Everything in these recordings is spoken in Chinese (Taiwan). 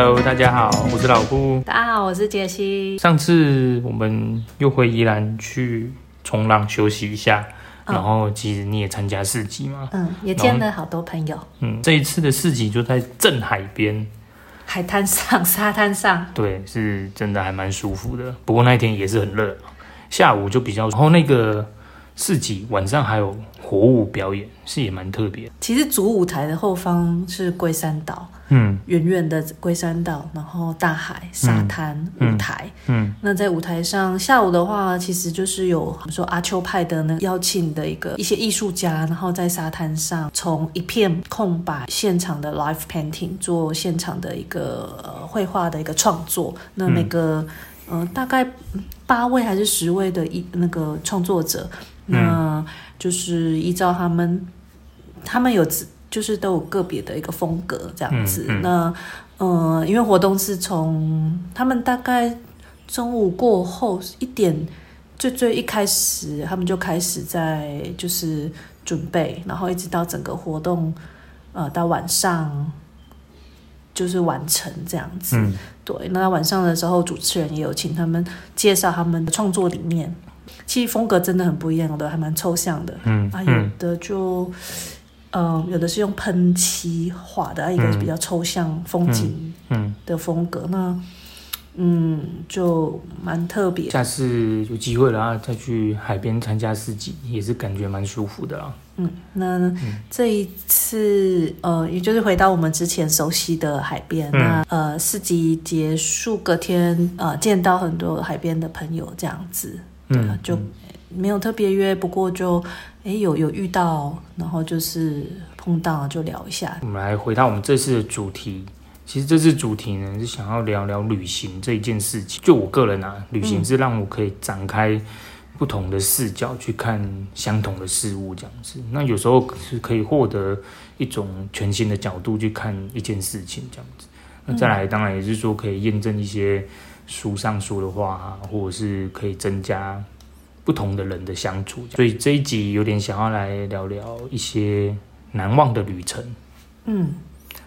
Hello，大家好，我是老布。大家好，我是杰西。上次我們又回宜蘭去衝浪休息一下，嗯、然後其實你也參加市集嘛？嗯，也見了好多朋友。嗯，這一次的市集就在鎮海邊、海灘上、沙灘上，對，是真的還蠻舒服的。不過那一天也是很熱，下午就比較熱。然後那個市集晚上還有火舞表演，是也蠻特別。其實主舞台的後方是龜山島。嗯，遠遠的龜山島，然後大海、沙灘、嗯、舞台，嗯，嗯，那在舞台上，下午的話，其實就是有比如說阿丘派的呢邀請的一個一些藝術家，然後在沙灘上從一片空白現場的 live painting 做現場的一個繪畫、呃、的一個創作。那每個、嗯、呃大概八位還是十位的一、那個創作者，嗯、那就是依照他們，他們有自。就是都有個別的一個風格這樣子，嗯嗯那嗯、呃，因為活動是從他們大概中午過後一點，最最一開始他們就開始在就是準備，然後一直到整個活動，呃，到晚上就是完成這樣子。嗯、對，那晚上的時候主持人也有請他們介紹他們的創作理念，其實風格真的很不一樣的，還蠻抽象的，的嗯，嗯啊，有的就。嗯、呃，有的是用噴漆畫的、啊、一個比較抽象風景的風格，嗯嗯那嗯就蠻特別。下次有機會了再去海邊參加市集，也是感覺蠻舒服的啊。嗯，那這一次、嗯、呃，也就是回到我們之前熟悉的海邊，嗯、那呃市集結束隔天呃見到很多海邊的朋友，這樣子對，啊、嗯，嗯就沒有特別約，不過就。欸、有有遇到，然後就是碰到就聊一下。我們來回到我們這次的主題，其實這次主題呢是想要聊聊旅行這一件事情。就我個人啊，旅行是讓我可以展開不同的視角去看相同的事物，這樣子。那有時候是可以獲得一種全新的角度去看一件事情，這樣子。那再來，當然也是說可以驗證一些書上說的話啊，或者是可以增加。不同的人的相處，所以這一集有點想要來聊聊一些難忘的旅程。嗯，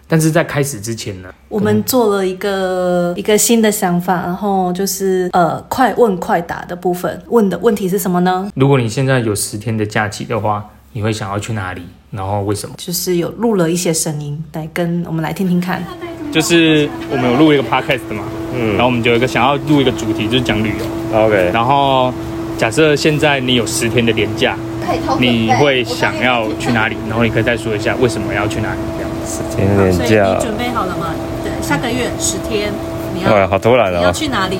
但是在開始之前呢，我們做了一個一個新的想法，然後就是呃快問快答的部分。問的問題是什麼呢？如果你現在有十天的假期的話，你會想要去哪裡？然後為什麼？就是有錄了一些聲音來跟我們來聽聽看。就是我們有錄一個 podcast 嘛，嗯，然後我們就有一個想要錄一個主題，就是講旅遊。OK，然後。假設現在你有十天的年假，你會想要去哪裡？然後你可以再說一下為什麼要去哪裡？十天的年假，你準備好了嗎？對，下個月十天，你要、哎、好突然啊、哦！你要去哪裡？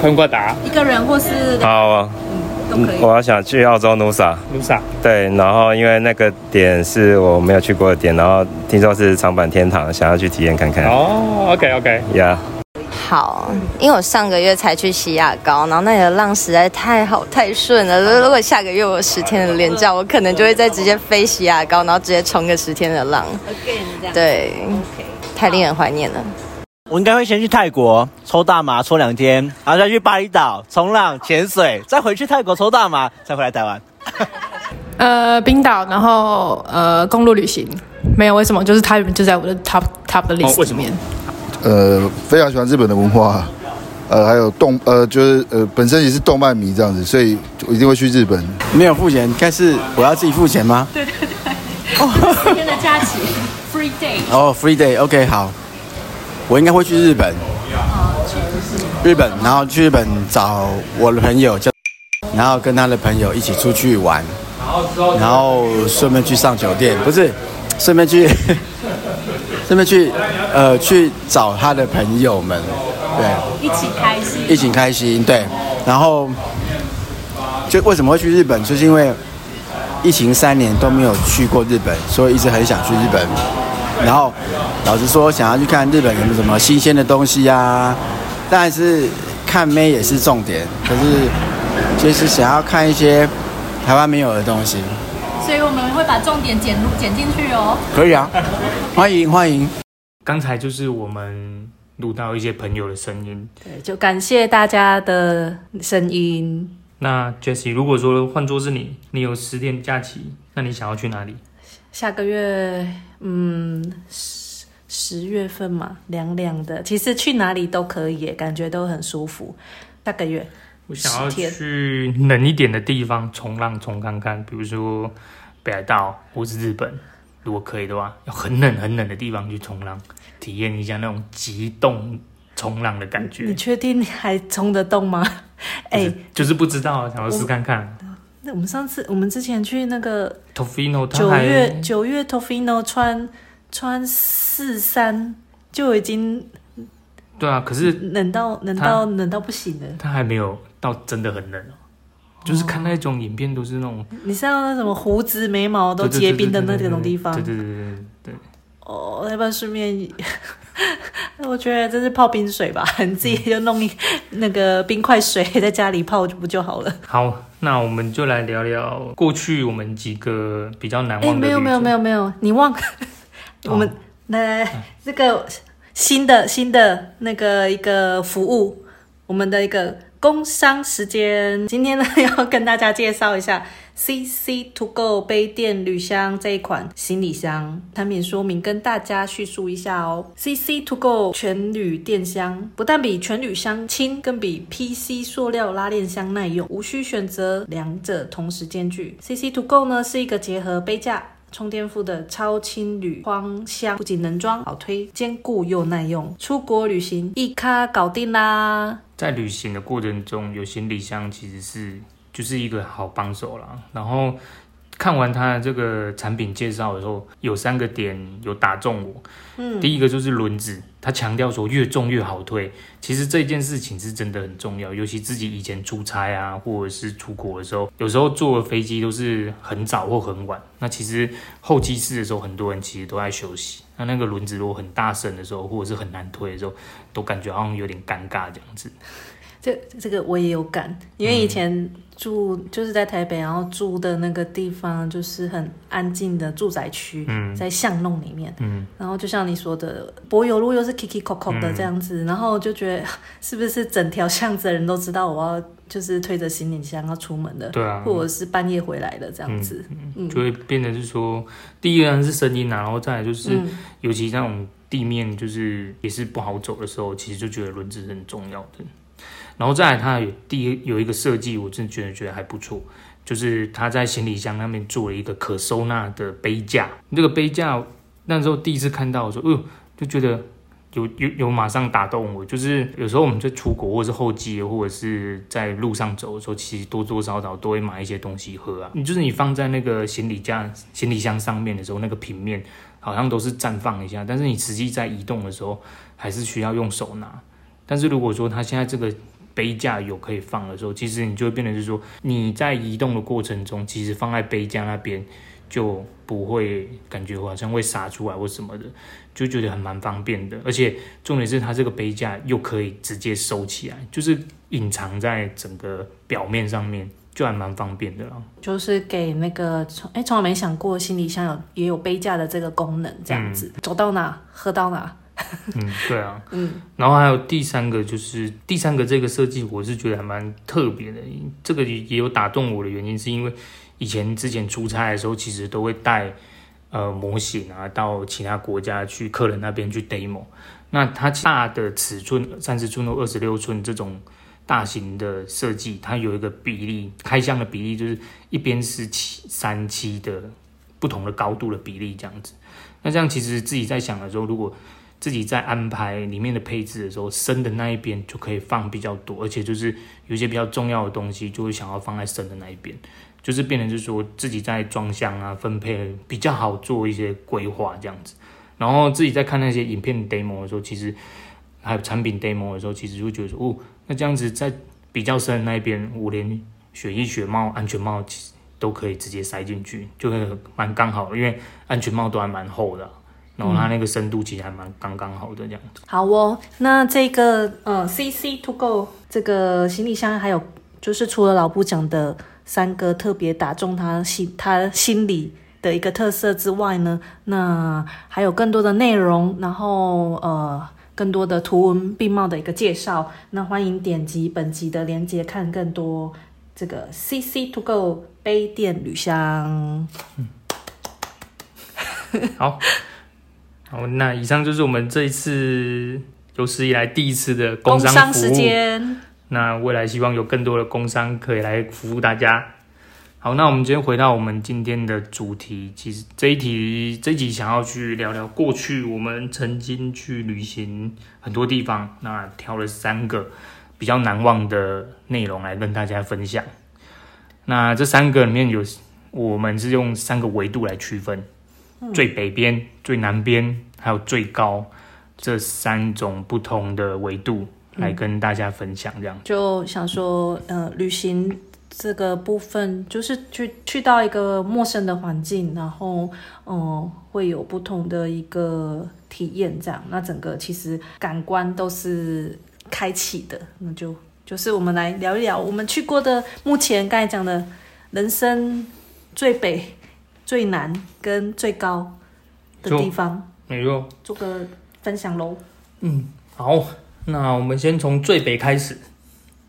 昆過達，一個人或是人好啊，嗯，都可以。我要想去澳洲努薩 Nusa，努薩，對，然後因為那個點是我沒有去過的點，然後聽說是長板天堂，想要去體驗看看。哦、oh,，OK OK，Yeah、okay.。好，因為我上個月才去錫亞高，然後那裡的浪實在太好太順了。如果下個月我有十天的連假，我可能就會再直接飛錫亞高，然後直接衝個十天的浪。o 對。太令人懷念了。我應該會先去泰國抽大麻抽兩天，然後再去巴厘島衝浪潛水，再回去泰國抽大麻，再回來台灣。 呃，冰島，然後呃，公路旅行，沒有為什麼，就是它就在我的 top top 的 list 裡面。哦呃，非常喜歡日本的文化，呃，還有動，呃，就是，呃，本身也是動漫迷這樣子，所以我一定會去日本。沒有付錢，但是我要自己付錢嗎？對對對，哦、 今天的假期 free day 哦。哦，free day，OK，okay，好，我應該會去日本，日本，然後去日本找我的朋友，叫，然後跟他的朋友一起出去玩，然後順便去上酒店，不是，順便去。 順便去，呃，去找他的朋友們，對，一起開心，一起開心，對。然後，就為什麼會去日本？就是因為疫情三年都沒有去過日本，所以一直很想去日本。然後，老實說，想要去看日本有沒有什麼新鮮的東西啊？但是看妹也是重點，可、就是就是想要看一些台灣沒有的東西。所以我們會把重點剪入剪進去哦。可以啊，歡迎 歡迎。剛才就是我們錄到一些朋友的聲音，對，就感謝大家的聲音。那 Jessie，如果說換作是你，你有十天假期，那你想要去哪裡？下個月，嗯，十十月份嘛，涼涼的，其實去哪裡都可以，感覺都很舒服。下個月。我想要去冷一點的地方沖浪沖看看，比如說北海道或是日本，如果可以的話，要很冷很冷的地方去沖浪，體驗一下那種極凍沖浪的感覺。你確定你還沖得動嗎？哎、就是，欸、就是不知道，想要試看看。那我，我們上次我們之前去那個九月九月 Tofino 穿穿四三就已經，對啊，可是冷到冷到冷到不行了，他還沒有。倒真的很冷，就是看那種影片，都是那種、哦、你像那什麼鬍子、眉毛都結冰的那種地方。對對對對對。哦，要不然順便？ 我覺得這是泡冰水吧， 你自己就弄一那個冰塊水在家裡泡不就好了？嗯、好，那我們就來聊聊過去我們幾個比較難忘的。哎、欸，沒有沒有沒有沒有，你忘了？我們、哦、來來這、啊、個新的新的那個一個服務，我們的一個。工商時間，今天呢要跟大家介紹一下 C C To Go 杯電旅箱這一款行李箱產品說明，跟大家敘述一下哦。C C To Go 全鋁電箱不但比全鋁箱輕，更比 P C 塑料拉鏈箱耐用，無需選擇兩者同時兼具。C C To Go 呢是一個結合杯架、充電副的超輕鋁框箱，不僅能裝好推，堅固又耐用，出國旅行一咖搞定啦。在旅行的過程中，有行李箱其實是就是一個好幫手啦。然後看完他的這個產品介紹以後，有三個點有打中我，嗯，第一個就是輪子。他強調說，越重越好推，其實這件事情是真的很重要。尤其自己以前出差啊，或者是出國的時候，有時候坐的飛機都是很早或很晚，那其實候機室的時候，很多人其實都在休息。那那個輪子如果很大聲的時候，或者是很難推的時候，都感覺好像有點尷尬這樣子。這這個我也有感，因為以前。住就是在台北，然後住的那個地方就是很安靜的住宅區，嗯、在巷弄裡面。嗯、然後就像你說的，柏油路又是 k i 咳咳的這樣子，嗯、然後就覺得是不是整條巷子的人都知道我要就是推着行李箱要出門的，對啊，嗯、或者是半夜回來的這樣子，嗯嗯、就會變得是說，第一個是聲音啊，然後再來就是，嗯、尤其那種地面就是也是不好走的時候，其實就覺得輪子是很重要的。然後再來他，它有第一有一個設計，我真的覺得覺得還不錯，就是它在行李箱那邊做了一個可收納的杯架。這個杯架那時候第一次看到的時候，說、哎、哦，就覺得有有有馬上打動我。就是有時候我們就出國，或者是候機，或者是在路上走的時候，其實多多少少都會買一些東西喝啊。你就是你放在那個行李架、行李箱上面的時候，那個平面好像都是暫放一下，但是你實際在移動的時候，還是需要用手拿。但是如果說它現在這個。杯架有可以放的時候，其實你就會變成是說，你在移動的過程中，其實放在杯架那邊就不會感覺好像會灑出來或什麼的，就覺得還蠻方便的。而且重點是它這個杯架又可以直接收起來，就是隱藏在整個表面上面，就還蠻方便的了。就是給那個從哎，從、欸、從來沒想過行李箱有也有杯架的這個功能，這樣子、嗯、走到哪喝到哪。嗯，對啊，嗯，然後還有第三個就是第三個這個設計，我是覺得還蠻特別的。這個也有打動我的原因，是因為以前之前出差的時候，其實都會帶呃模型啊到其他國家去客人那邊去 demo。那它大的尺寸三十寸到二十六寸這種大型的設計，它有一個比例，開箱的比例就是一邊是七三七的不同的高度的比例這樣子。那這樣其實自己在想的時候，如果自己在安排裡面的配置的時候，深的那一邊就可以放比較多，而且就是有些比較重要的東西就會想要放在深的那一邊，就是變成就是說自己在裝箱啊分配比較好做一些規劃這樣子。然後自己在看那些影片 demo 的時候，其實還有產品 demo 的時候，其實就會覺得說哦，那這樣子在比較深的那一邊，我連雪衣、雪帽、安全帽其實都可以直接塞進去，就會蠻剛好，因為安全帽都還蠻厚的。然後它那個深度其實還蠻剛剛好的，這樣子，嗯。好哦，那這個呃，CC To Go 這個行李箱，還有就是除了老布講的三個特別打中他心他心裡的一個特色之外呢，那還有更多的內容，然後呃，更多的圖文並茂的一個介紹。那歡迎點擊本集的連結看更多這個 CC To Go 杯電旅箱。嗯、好。 好，那以上就是我們這一次有史以來第一次的工商服務、工商時間，那未來希望有更多的工商可以來服務大家。好，那我們今天回到我們今天的主題。其實這一題，這一集想要去聊聊過去我們曾經去旅行很多地方，那挑了三個比較難忘的內容來跟大家分享。那這三個裡面有，我們是用三個維度來區分。最北邊、嗯、最南邊，還有最高，這三種不同的維度來跟大家分享，這樣就想說，呃，旅行這個部分就是去去到一個陌生的環境，然後嗯、呃，會有不同的一個體驗，這樣，那整個其實感官都是開啟的，那就就是我們來聊一聊我們去過的，目前剛才講的，人生最北。最南跟最高的地方，沒錯做個分享囉。嗯，好，那我們先從最北開始。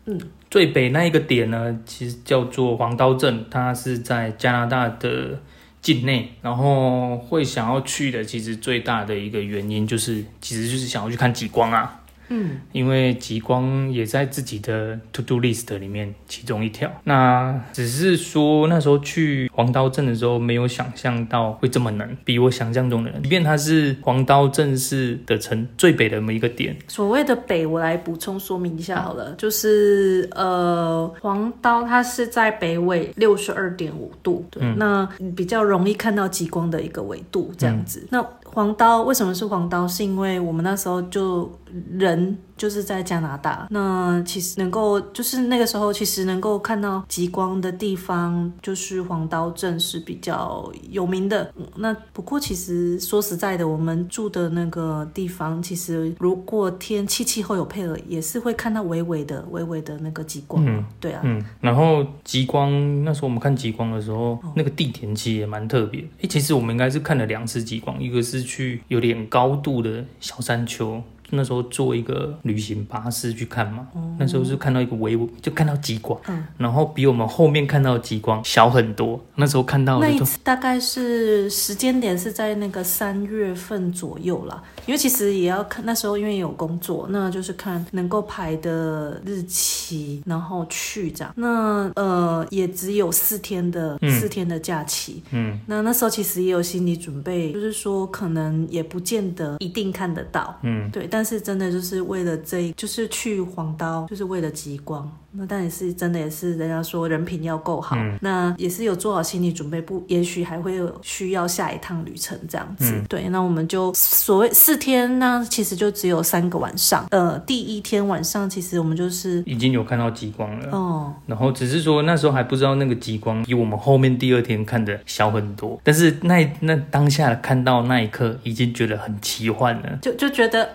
嗯，最北那一個點呢，其實叫做黃刀鎮，它是在加拿大的境內。然後會想要去的，其實最大的一個原因就是，其實就是想要去看極光啊。嗯，因為極光也在自己的 to do list 裡面，其中一條。那只是說那時候去黃刀鎮的時候，沒有想象到會這麼難，比我想象中的難，即便它是黃刀鎮市的城最北的某一個點，所謂的北，我來補充說明一下好了，嗯、就是呃，黃刀它是在北緯六十二點五度，對，嗯、那比較容易看到極光的一個緯度這樣子。嗯、那黃刀為什麼是黃刀？是因為我們那時候就人。就是在加拿大，那其實能夠就是那個時候，其實能夠看到極光的地方，就是黃刀鎮是比較有名的。那不過其實說實在的，我們住的那個地方，其實如果天氣氣候有配合，也是會看到微微的、微微的那個極光。嗯、對啊，嗯、然後極光那時候我們看極光的時候，那個地點其實也蠻特別。誒、欸，其實我們應該是看了兩次極光，一個是去有點高度的小山丘。那時候做一個旅行巴士去看嘛，嗯、那時候是看到一個微，微，就看到極光，嗯，然後比我們後面看到極光小很多。那時候看到那一次大概是時間點是在那個三月份左右啦，因為其實也要看那時候，因為有工作，那就是看能夠排的日期，然後去這樣。那呃也只有四天的四，嗯、天的假期，嗯，那那時候其實也有心理準備，就是說可能也不見得一定看得到，嗯，對，但。但是真的就是為了這一，就是去黃刀，就是為了極光。那但也是真的，也是人家說人品要夠好。嗯、那也是有做好心理準備，不，也許還會有需要下一趟旅程這樣子。嗯、對，那我們就所謂四天，那其實就只有三個晚上。呃，第一天晚上其實我們就是已經有看到極光了。哦、嗯。然後只是說那時候還不知道那個極光比我們後面第二天看的小很多，但是那那當下看到那一刻，已經覺得很奇幻了，就就覺得。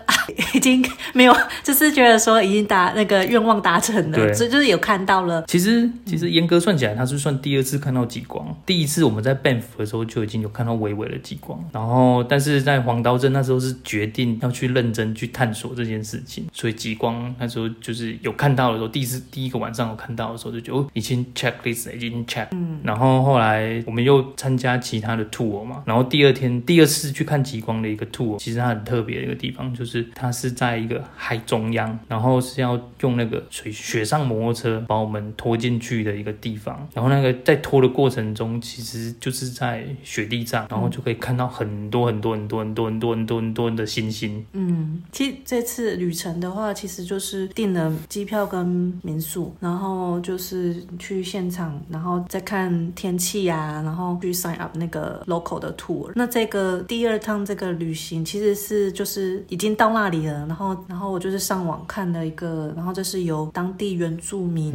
已經沒有，就是覺得說已經達那個願望達成了，所以對就，就是有看到了。其實其實嚴格算起來，他是算第二次看到極光。第一次我們在 Banff 的時候就已經有看到微微的極光，然後但是在黃刀鎮那時候是決定要去認真去探索這件事情，所以極光那時候就是有看到的時候，第一次第一個晚上有看到的時候就覺得已經 checklist 了，已經 check，嗯，然後後來我們又參加其他的 tour 嘛，然後第二天第二次去看極光的一個 tour，其實它很特別的一個地方就是。它是在一個海中央，然後是要用那個水，雪上摩托車把我們拖進去的一個地方，然後那個在拖的過程中，其實就是在雪地上，然後就可以看到很多很多很多很多很多很多的星星。嗯，其實這次旅程的話，其實就是訂了機票跟民宿，然後就是去現場，然後再看天氣啊，然後去 sign up 那個 local 的 tour。那這個第二趟這個旅行，其實是就是已經到那。然後，然後我就是上網看了一個，然後就是由當地原住民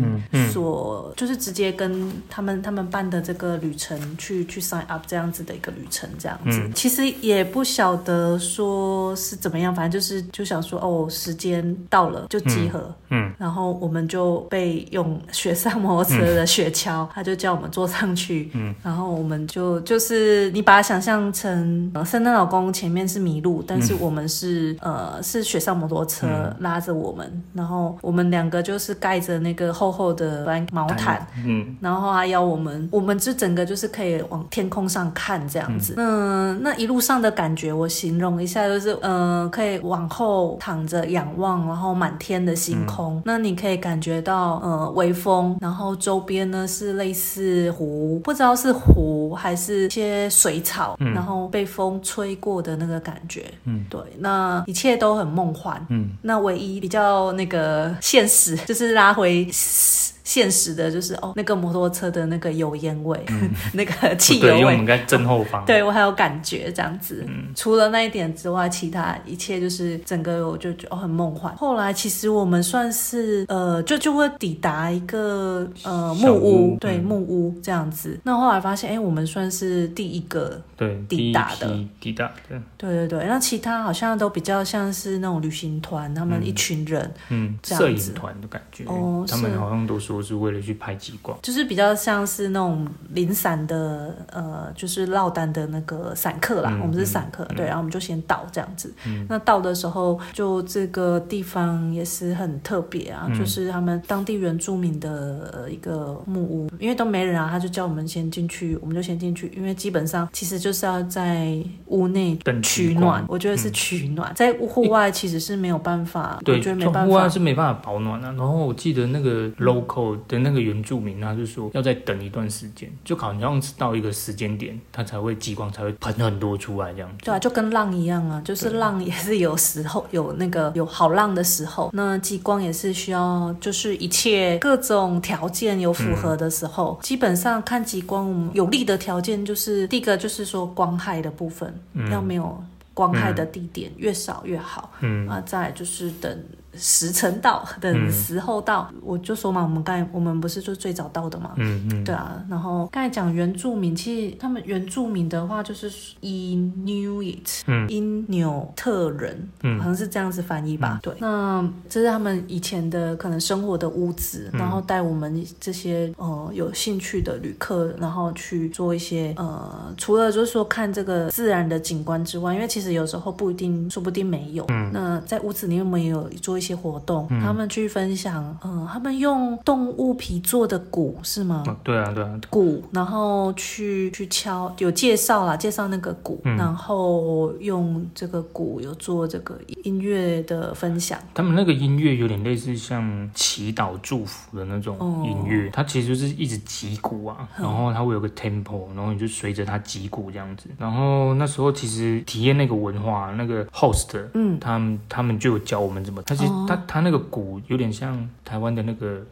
所，就是直接跟他們他們辦的這個旅程去，去去 sign up 這樣子的一個旅程，這樣子，嗯、其實也不曉得說是怎麼樣，反正就是就想說，哦，時間到了就集合，嗯，嗯然後我們就被用雪上摩托車的雪橇，他就叫我們坐上去，嗯，然後我們就就是你把它想象成、呃、聖誕老公前面是麋鹿，但是我們是呃。是雪上摩托車拉着我們，嗯、然後我們兩個就是蓋着那個厚厚的毛毯，嗯，嗯然後還要我們，我們就整個就是可以往天空上看這樣子，嗯那，那一路上的感覺我形容一下，就是嗯、呃、可以往後躺着仰望，然後滿天的星空，嗯、那你可以感覺到呃微風，然後周邊呢是類似湖，不知道是湖還是一些水草，嗯、然後被風吹過的那個感覺，嗯，對，那一切都。都很夢幻，嗯，那唯一比較那個現實，就是拉回嘶嘶。現實的就是哦，那個摩托車的那個油煙味、嗯呵呵，那個汽油味。因為我們在正後方、哦。對我還有感覺，這樣子。嗯、除了那一點之外，其他一切就是整個我就覺得、哦、很夢幻。後來其實我們算是呃，就就會抵達一個呃小屋木屋，對、嗯、木屋這樣子。那後來發現哎、欸，我們算是第一個，對抵達的，抵達的。對對對，那其他好像都比較像是那種旅行團，他們一群人這樣子嗯，嗯，攝影團的感覺。哦，他們好像都說。就是為了去拍極光，就是比較像是那種零散的，呃，就是落單的那個散客啦。嗯嗯、我們是散客，嗯、對，然後我們就先到這樣子。嗯、那到的時候，就這個地方也是很特別啊，嗯、就是他們當地原住民的一個木屋，因為都沒人啊，他就叫我們先進去，我們就先進去，因為基本上其實就是要在屋內取暖。等我覺得是取暖，嗯、在戶外其實是沒有辦法。對，我覺得沒辦法，因為戶外是沒辦法保暖的、啊。然後我記得那個 local、嗯。我的那個原住民，他是說要再等一段時間，就好像到一個時間點，他才會極光才會噴很多出來這樣子。對啊，就跟浪一樣啊，就是浪也是有時候有那個有好浪的時候，那極光也是需要就是一切各種條件有符合的時候。嗯、基本上看極光有利的條件，就是第一個就是說光害的部分、嗯、要沒有光害的地點越少越好。嗯啊，再就是等。時辰到的時候到，嗯、我就說嘛，我們該，我們不是就最早到的嘛？嗯，嗯對啊。然後剛才講原住民，其實他們原住民的話就是 Inuit，嗯，因紐特人，嗯，好像是這樣子翻譯吧。嗯、對，那這是他們以前的可能生活的屋子，嗯、然後帶我們這些呃有興趣的旅客，然後去做一些呃，除了就是說看這個自然的景觀之外，因為其實有時候不一定，說不定沒有。嗯，那在屋子裡面我們也有做一。一些活動，嗯、他們去分享，嗯，他們用動物皮做的鼓是嗎？啊，對啊，對啊，鼓，然後去去敲，有介紹啦，介紹那個鼓，嗯、然後用這個鼓有做這個音樂的分享。他們那個音樂有點類似像祈禱祝福的那種音樂，哦、它其實就是一直擊鼓啊，嗯、然後它會有個 tempo，然後你就隨着它擊鼓這樣子。然後那時候其實體驗那個文化，那個 host，嗯，他，他們他們就有教我們怎麼，他其實。Oh. 它它那個鼓有點像台灣的那個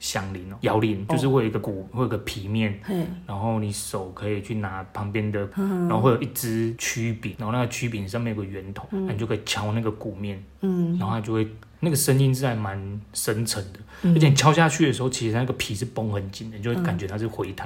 響鈴哦，搖鈴，oh. 就是會有一個鼓，會有一個皮面，嗯，oh. 然後你手可以去拿旁邊的，Hey. 然後會有一只曲柄，然後那個曲柄上面有個圓頭，uh huh. 你就可以敲那個鼓面，嗯、uh，huh. 然後它就會那個聲音是還蠻深沉的。而且敲下去的時候，其實那個皮是繃很緊的，你就會感覺它是回彈，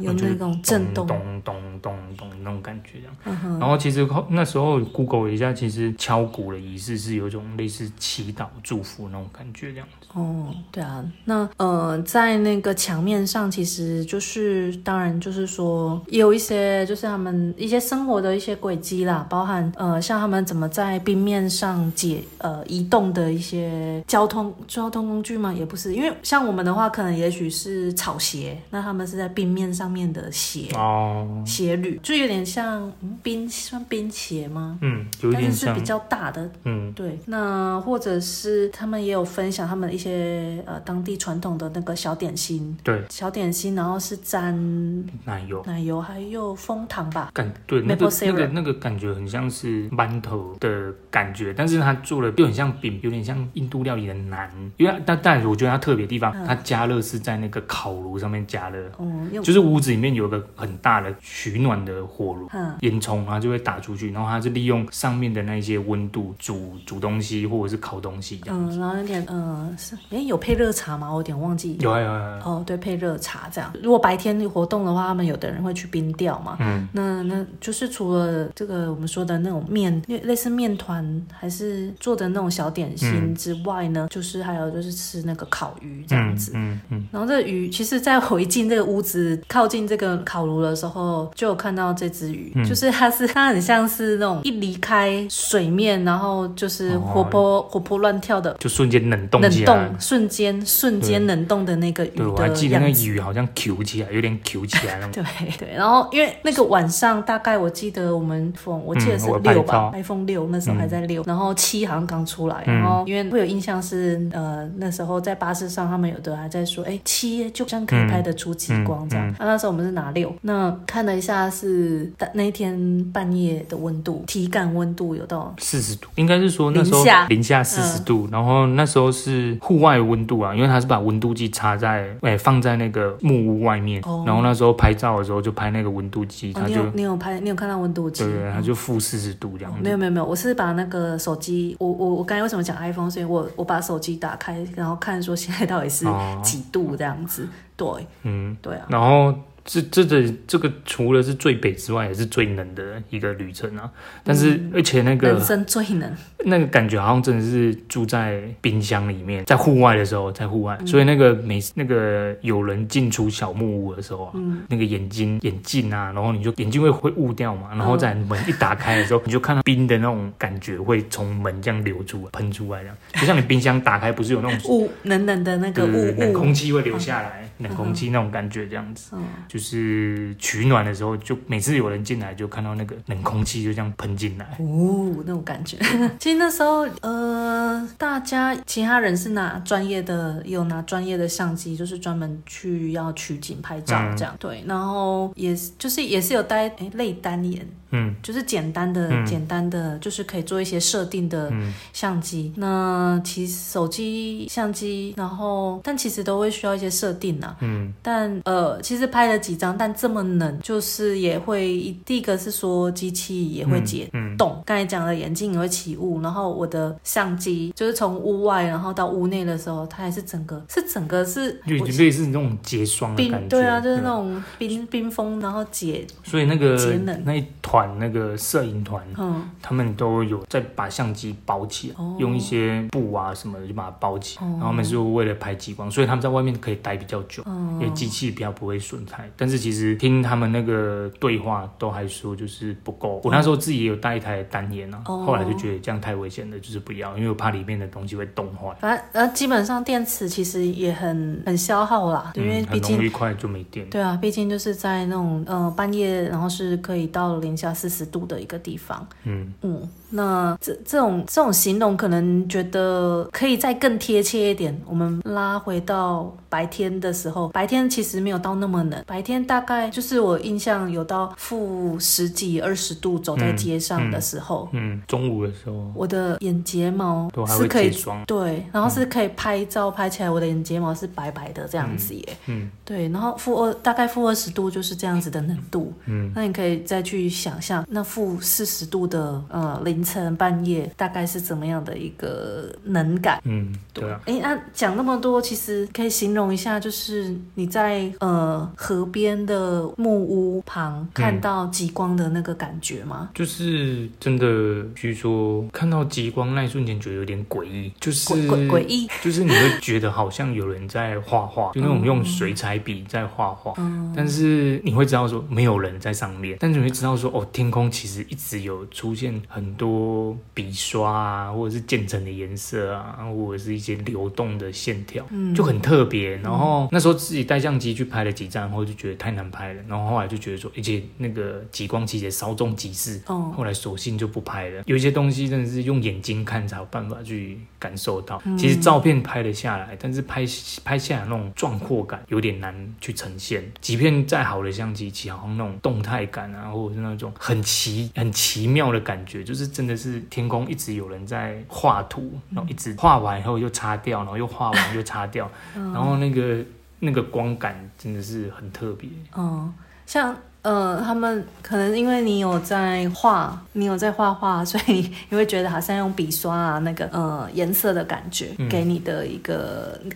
有那種震動，咚咚咚咚，咚咚咚咚那種感覺這樣。Uh-huh. 然後其實那時候 Google 一下，其實敲鼓的儀式是有一種類似祈禱祝福那種感覺這樣。哦，oh, 對啊，那呃，在那個牆面上，其實就是，當然就是說，有一些就是他們一些生活的一些軌跡啦，包含呃，像他們怎麼在冰面上解呃移動的一些交通交通工具嗎？也不是，因為像我們的話，可能也許是草鞋，那他們是在冰面上面的鞋哦，oh. 鞋履，就有點像、嗯、冰算冰鞋嗎？嗯，就有點像，但是是比較大的，嗯，對，那或者是他們也有分享他們一些。些呃，當地傳統的那個小點心，對，小點心，然後是沾奶油、奶油還有楓糖吧。感對，Maple，那個，Sera，那個那個感覺很像是饅頭的感覺，但是它做的又很像餅，有點像印度料理的馕。因為但但是我覺得它特別的地方，嗯、它加熱是在那個烤爐上面加熱，哦、嗯，就是屋子裡面有一個很大的取暖的火爐，煙囪、嗯，然後、啊、就會打出去，然後它是利用上面的那一些溫度煮煮東西或者是烤東西，嗯，然後有點嗯。是誒、欸，有配熱茶嗎？我有點忘記。有啊有啊。啊、哦，對，配熱茶這樣。如果白天你活動的話，他們有的人會去冰釣嘛。嗯，那。那那就是除了這個我們說的那種麵，類類似麵團還是做的那種小點心之外呢，嗯、就是還有就是吃那個烤魚這樣子。嗯嗯。然後這個魚，其實在我一進這個屋子，靠近這個烤爐的時候，就有看到這只魚，嗯、就是它是它很像是那種一離開水面，然後就是活潑、哦哦、活潑亂跳的，就瞬間冷凍。冷凍。瞬間瞬間冷凍的那個雨的樣子，對，我還記得那個雨好像 Q 起來，有點 Q 起來了。 對對，然後因為那個晚上，大概我記得我們 phone 我記得是六吧、嗯、iPhone 六那時候還在六、嗯，然後七好像剛出來，嗯、然後因為會有印象是，呃，那時候在巴士上，他們有的還在說，哎、欸，七好像可以拍得出極光這樣。那、嗯嗯嗯啊、那時候我們是拿六，那看了一下是，那天半夜的溫度，體感溫度有到四十度，應該是說那時候零下四十度，嗯、然後那時候是。戶外溫度啊，因為它是把溫度計插在哎、欸、放在那個木屋外面，oh. 然後那時候拍照的時候就拍那個溫度計，oh, 他就你有，你有拍，你有看到溫度計？對它、嗯、就負四十度這樣子。Oh, 沒有沒有沒有，我是把那個手機，我我我剛才為什麼講 iPhone？所以我我把手機打開，然後看說現在到底是幾度這樣子？Oh. 對，嗯，對啊，然後。這這個這個除了是最北之外，也是最冷的一個旅程啊。但是而且那個人生最冷，那個感覺好像真的是住在冰箱裡面，在戶外的時候，在戶外。嗯、所以那個每那個有人進出小木屋的時候啊，嗯、那個眼睛眼鏡啊，然後你就眼鏡會會霧掉嘛。然後在門一打開的時候，哦、你就看到冰的那種感覺會從門這樣流出噴出來，這樣就像你冰箱打開不是有那種霧冷冷的那個霧，冷空氣會流下來，嗯、冷空氣那種感覺這樣子。嗯嗯就是取暖的時候，就每次有人進來，就看到那個冷空氣就這樣噴進來，哦，那種感覺。其實那時候，呃，大家其他人是拿專業的，有拿專業的相機，就是專門去要取景拍照這樣。嗯、對，然後也就是也是有帶誒、欸、類單眼，嗯，就是簡單的、嗯、簡單的，就是可以做一些設定的相機。嗯、那其實手機相機，然後但其實都會需要一些設定啊。嗯，但呃，其實拍的。幾張，但這麼冷，就是也會第一個是說機器也會結凍。剛、嗯嗯、才講了眼鏡也會起霧，然後我的相機就是從屋外然後到屋內的時候，它還是整個是整個是，就已經類似那種結霜的感覺。對啊，就是那種冰、嗯、冰封，然後結。所以那個冷那一團那個攝影團，嗯，他們都有在把相機包起來，哦、用一些布啊什麼的就把它包起。哦、然後每次為了拍極光，所以他們在外面可以待比較久，嗯、因為機器比較不會損害。但是其實聽他們那個對話都還說就是不夠。我那時候自己也有帶一台單眼啊，後來就覺得這樣太危險了，就是不要，因為我怕裡面的東西會凍壞、啊。反正呃，基本上電池其實也很很消耗啦，因為畢竟、嗯、很快就沒電了。對啊，畢竟就是在那種呃半夜，然後是可以到零下四十度的一個地方。嗯嗯，那這這種這種形容可能覺得可以再更貼切一點。我們拉回到白天的時候，白天其實沒有到那麼冷。白天每天大概就是我印象有到負十幾二十度，走在街上的時候嗯，嗯，中午的時候，我的眼睫毛是可以對，然後是可以拍照拍起來，我的眼睫毛是白白的這樣子耶，嗯，嗯對，然後負二大概負二十度就是這樣子的溫度，嗯，嗯，那你可以再去想象那負四十度的呃凌晨半夜大概是怎麼樣的一個冷感，嗯，對啊，哎，那、啊、講那麼多，其實可以形容一下，就是你在呃河、和邊的木屋旁看到極光的那個感覺嗎？嗯、就是真的，據說看到極光那一瞬間覺得有點詭異，就是詭異，就是你會覺得好像有人在畫畫，就那種用水彩筆在畫畫，嗯、但是你會知道說沒有人在上面，但是你會知道說哦，天空其實一直有出現很多筆刷啊，或者是漸層的顏色啊，或者是一些流動的線條，嗯，就很特別。然後那時候自己帶相機去拍了幾張，然後就。覺得太難拍了，然後後來就覺得說，而且那個極光其實稍縱即逝，哦、後來索性就不拍了。有一些東西真的是用眼睛看才有辦法去感受到，嗯、其實照片拍了下來，但是拍拍下來那種壯闊感有點難去呈現。即便再好的相機，其實好像那種動態感啊，或者是那種很奇、很奇妙的感覺，就是真的是天空一直有人在畫圖，然後一直畫完以後又擦掉，然後又畫完又擦掉，哦、然後那個。那個光感真的是很特別。嗯，像。呃，他們可能因為你有在畫，你有在畫畫，所以你會覺得好像用筆刷啊，那個呃顏色的感覺給你的一個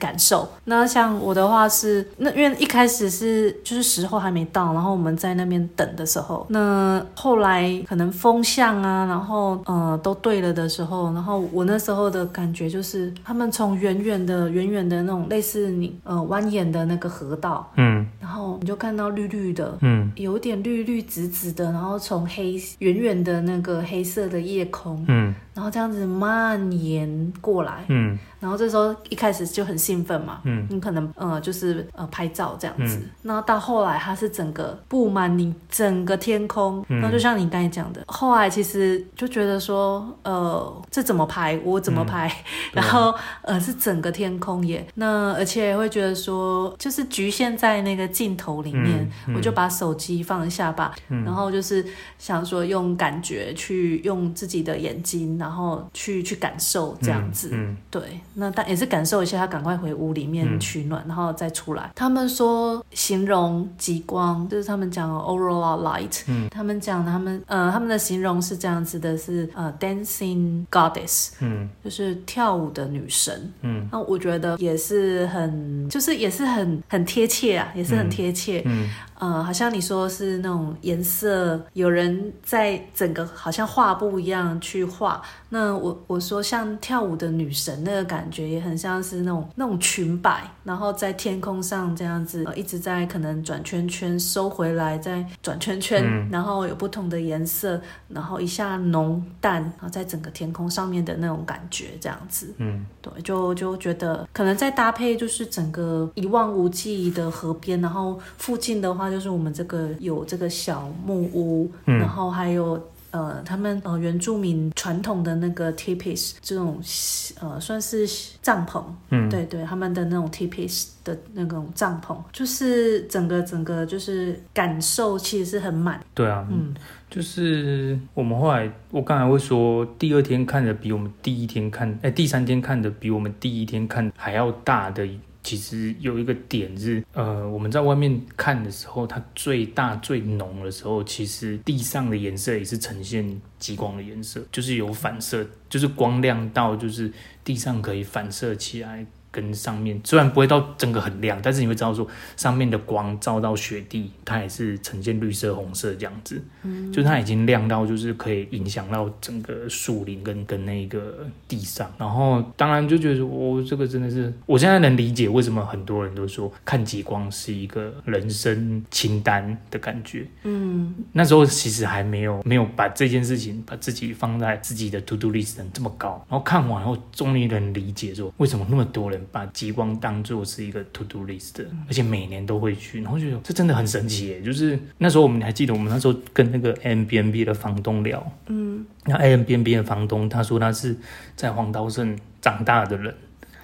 感受。嗯。那像我的話是，那因為一開始是就是時候還沒到，然後我們在那邊等的時候，那後來可能風向啊，然後呃都對了的時候，然後我那時候的感覺就是，他們從遠遠的遠遠的那種類似你呃蜿蜒的那個河道，嗯，然後你就看到綠綠的，嗯，有。有點綠綠紫紫的，然後從黑遠遠的那個黑色的夜空，嗯。然後這樣子蔓延過來，嗯，然後這時候一開始就很興奮嘛，嗯，你可能呃就是呃拍照這樣子，那、嗯、到後來它是整個布滿你整個天空，那、嗯、就像你剛才講的，後來其實就覺得說，呃，這怎麼拍我怎麼拍，嗯、然後呃是整個天空耶，那而且會覺得說就是局限在那個鏡頭裡面，嗯、我就把手機放下吧，嗯、然後就是想說用感覺去用自己的眼睛呢。然後去去感受這樣子，嗯嗯、對，那但也是感受一下，他趕快回屋裡面取暖，嗯、然後再出來。他們說形容極光，就是他們講的 aurora light，嗯，他們講他們呃他們的形容是這樣子的是，是呃 dancing goddess，嗯，就是跳舞的女神，嗯，那我覺得也是很，就是也是很很貼切啊，也是很貼切，嗯。嗯呃，好像你說是那種顏色，有人在整個好像畫布一樣去畫。那我我說像跳舞的女神那個感覺，也很像是那種那種裙擺，然後在天空上這樣子，呃、一直在可能轉圈圈，收回來再轉圈圈，嗯、然後有不同的顏色，然後一下濃淡，然後在整個天空上面的那種感覺，這樣子，嗯，對，就就覺得可能再搭配就是整個一望無際的河邊，然後附近的話。就是我們這個有這個小木屋，嗯，然後還有呃他們呃原住民傳統的那個 tipis 這種呃算是帳篷，嗯，對對，他們的那種 tipis 的那種帳篷，就是整個整個就是感受其實是很滿，對啊，嗯，就是我們後來我剛才會說第二天看的比我們第一天看，哎，第三天看的比我們第一天看還要大的。其實有一個點是，呃，我們在外面看的時候，它最大最濃的時候，其實地上的顏色也是呈現極光的顏色，就是有反射，就是光亮到就是地上可以反射起來。跟上面雖然不會到整個很亮，但是你會知道說，上面的光照到雪地，它也是呈現綠色、紅色這樣子。嗯，就它已經亮到，就是可以影響到整個樹林跟跟那個地上。然後當然就覺得說，我、哦、這個真的是，我現在能理解為什麼很多人都說看極光是一個人生清單的感覺。嗯，那時候其實還沒有沒有把這件事情把自己放在自己的 to do list 上這麼高。然後看完後，終於能理解說為什麼那麼多人。把極光當作是一個 to do list 的，而且每年都會去，然後就覺得這真的很神奇耶、欸。就是那時候我們還記得，我們那時候跟那個 Airbnb 的房東聊，嗯，那 Airbnb 的房東他說他是在黃刀鎮長大的人，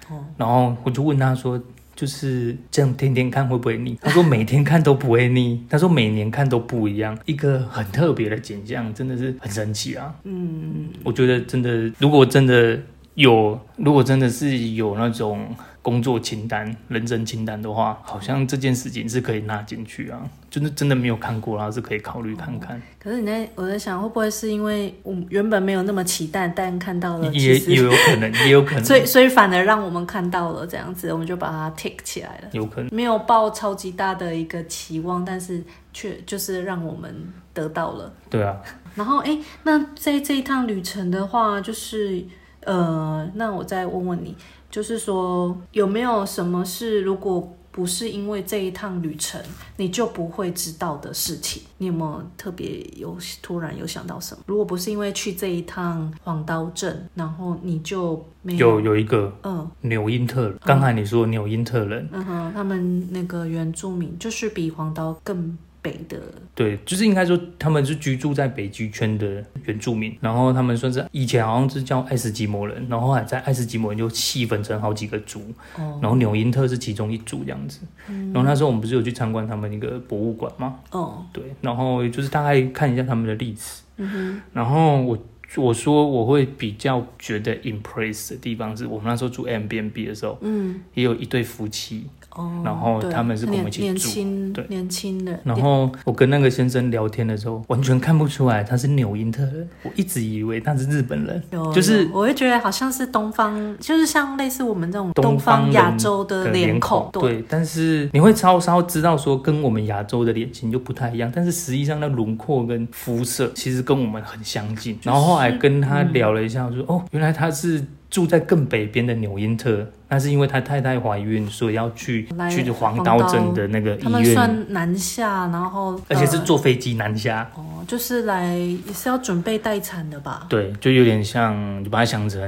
哦、然後我就問他說，就是這樣天天看會不會膩？啊、他說每天看都不會膩，他說每年看都不一樣，一個很特別的景象，真的是很神奇啊。嗯，我覺得真的，如果真的。有，如果真的是有那種工作清單、人生清單的話，好像這件事情是可以納進去啊。就是真的沒有看過啦，然後是可以考慮看看、嗯。可是你在我在想，會不會是因為我原本沒有那麼期待，但看到了其實，也也有可能，也有可能， 所以所以反而讓我們看到了這樣子，我們就把它 tick 起來了。有可能沒有抱超級大的一個期望，但是卻就是讓我們得到了。對啊。然後誒、欸，那在這一趟旅程的話，就是。呃，那我再問問你，就是說有沒有什麼事，如果不是因為這一趟旅程，你就不會知道的事情？你有沒有特別有突然有想到什麼？如果不是因為去這一趟黃刀鎮，然後你就沒有有有一個嗯紐因特人。剛才你說紐因特人，嗯哼、嗯，他們那個原住民就是比黃刀更北的對，就是應該說他們是居住在北極圈的原住民，然後他們算是以前好像是叫愛斯基摩人，然後後來在愛斯基摩人就細分成好幾個族，哦、然後紐因特是其中一族這樣子。嗯、然後那時候我們不是有去參觀他們一個博物館嗎？哦，對，然後也就是大概看一下他們的歷史。嗯、哼然後我我說我會比較覺得 impressed 的地方是我們那時候住 M B N B 的時候，嗯，也有一對夫妻。嗯、然後他們是跟我們一起住，對年、年輕人。然後我跟那個先生聊天的時候，完全看不出來他是紐因特人，我一直以為他是日本人，有就是我會覺得好像是東方，就是像類似我們這種東方亞洲的臉孔，口對、對。但是你會稍稍知道說跟我們亞洲的臉型就不太一樣，但是實際上那輪廓跟膚色其實跟我們很相近。就是，然後後來跟他聊了一下說，說、嗯、哦，原來他是住在更北邊的紐因特。那是因為他太太懷孕，所以要去去黃刀鎮的那個醫院。他們算南下，然後而且是坐飛機南下。哦、呃，就是來也是要準備待產的吧？對，就有點像，就把它想成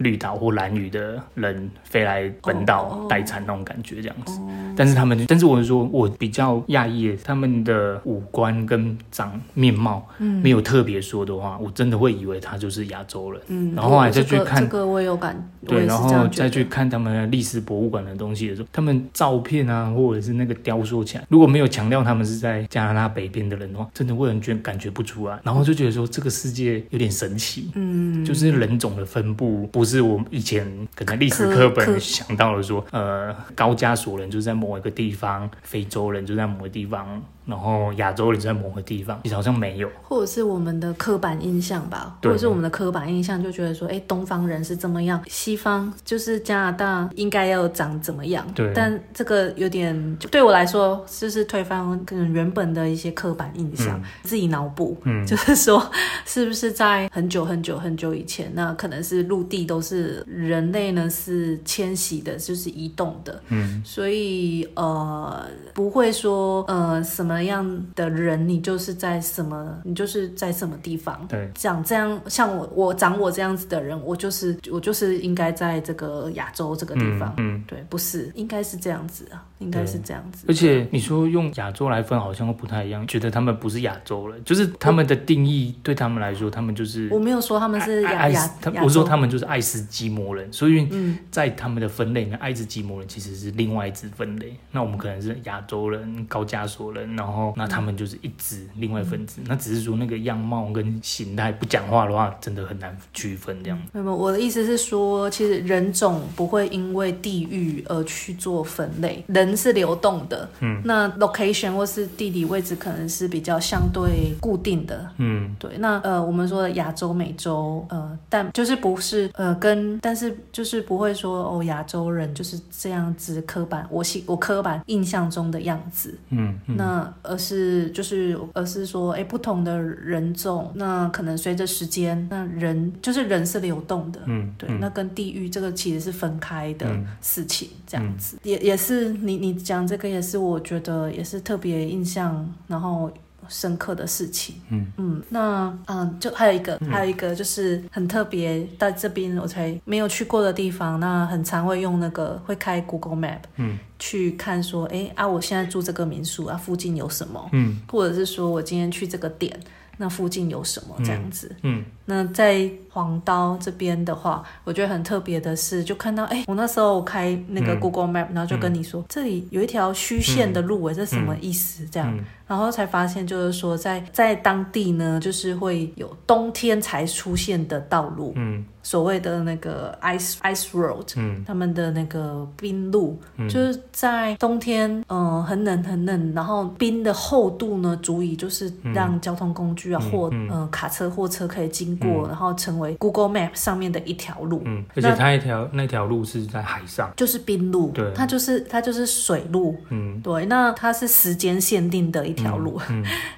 綠島或蘭嶼的人飛來本島待產那種感覺這樣子。哦哦、但是他們，但是我是說我比較訝異他們的五官跟長面貌，嗯，沒有特別說的話，嗯、我真的會以為他就是亞洲人。嗯，然後來再去看這個，這個、我也有感。對，然後再去看他們。呃，歷史博物館的東西的時候，他們照片啊，或者是那個雕塑起來，如果沒有強調他們是在加拿大北邊的人的話，真的會很覺感覺不出來。然後就覺得說這個世界有點神奇，嗯，就是人種的分布不是我以前可能歷史課本想到的說。呃，高加索人就在某一個地方，非洲人就在某一個地方。然後亞洲人在某個地方，其實好像沒有，或者是我們的刻板印象吧，對或者是我們的刻板印象就覺得說，哎，東方人是怎麼樣，西方就是加拿大應該要長怎麼樣，對。但這個有點對我來說，就是推翻可能原本的一些刻板印象，嗯、自己腦補，嗯，就是說，是不是在很久很久很久以前，那可能是陸地都是人類呢，是遷徙的，就是移動的，嗯，所以呃，不會說呃什麼。樣的人，你就是在什麼，你就是在什麼地方，對，長這樣像我，我長我這樣子的人，我就是我就是應該在這個亞洲這個地方，嗯，嗯對，不是，應該是這樣子啊。對應該是這樣子，而且你說用亞洲來分，好像都不太一樣，嗯、覺得他們不是亞洲人，就是他們的定義、嗯、對他們來說，他們就是我沒有說他們是亞洲人，我說他們就是愛斯基摩人，所以在他們的分類裡面，呢、嗯，愛斯基摩人其實是另外一支分類，那我們可能是亞洲人、高加索人，然後那他們就是一支另外一分支，嗯、那只是說那個樣貌跟形態不講話的話，真的很難區分這樣子。那麼、嗯、我的意思是說，其實人種不會因為地域而去做分類，人，是流動的，嗯，那 location 或是地理位置可能是比較相對固定的，嗯，對，那呃，我們說的亞洲、美洲，呃，但就是不是呃跟，但是就是不會說哦，亞洲人就是這樣子刻板，我西我刻板印象中的樣子，嗯，嗯那而是就是而是說，哎，不同的人種，那可能隨着時間，那人就是人是流動的，嗯，對，嗯、那跟地域這個其實是分開的事情，嗯、這樣子，嗯、也也是你。你講這個也是，我覺得也是特別印象，然後深刻的事情。嗯嗯，那嗯，就還有一個，嗯、還有一個就是很特別，在這邊我才沒有去過的地方。那很常會用那個會開 Google Map，嗯，去看說，哎、嗯欸、啊，我現在住這個民宿啊，附近有什麼？嗯，或者是說我今天去這個點。那附近有什麼這樣子？嗯，嗯，那在黃刀這邊的話，我覺得很特別的是，就看到哎、欸，我那時候開那個 Google Map，、嗯、然後就跟你說，嗯、這裡有一條虛線的路哎、欸，嗯、這什麼意思？這樣，嗯嗯、然後才發現就是說在，在在當地呢，就是會有冬天才出現的道路。嗯。嗯所謂的那個 ice ice road，嗯，他們的那個冰路，就是在冬天，嗯，很冷很冷，然後冰的厚度呢，足以就是讓交通工具啊，或嗯，卡車貨車可以經過，然後成為 Google Map 上面的一條路。嗯，而且它一條那條路是在海上，就是冰路，對，它就是它就是水路，嗯，對，那它是時間限定的一條路，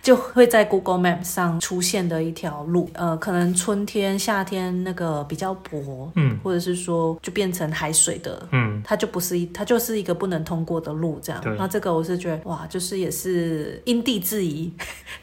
就會在 Google Map 上出現的一條路，呃，可能春天夏天那個。比較薄，嗯，或者是說就變成海水的，嗯，它就不是一，它就是一個不能通過的路這樣。那對這個我是覺得哇，就是也是因地制宜，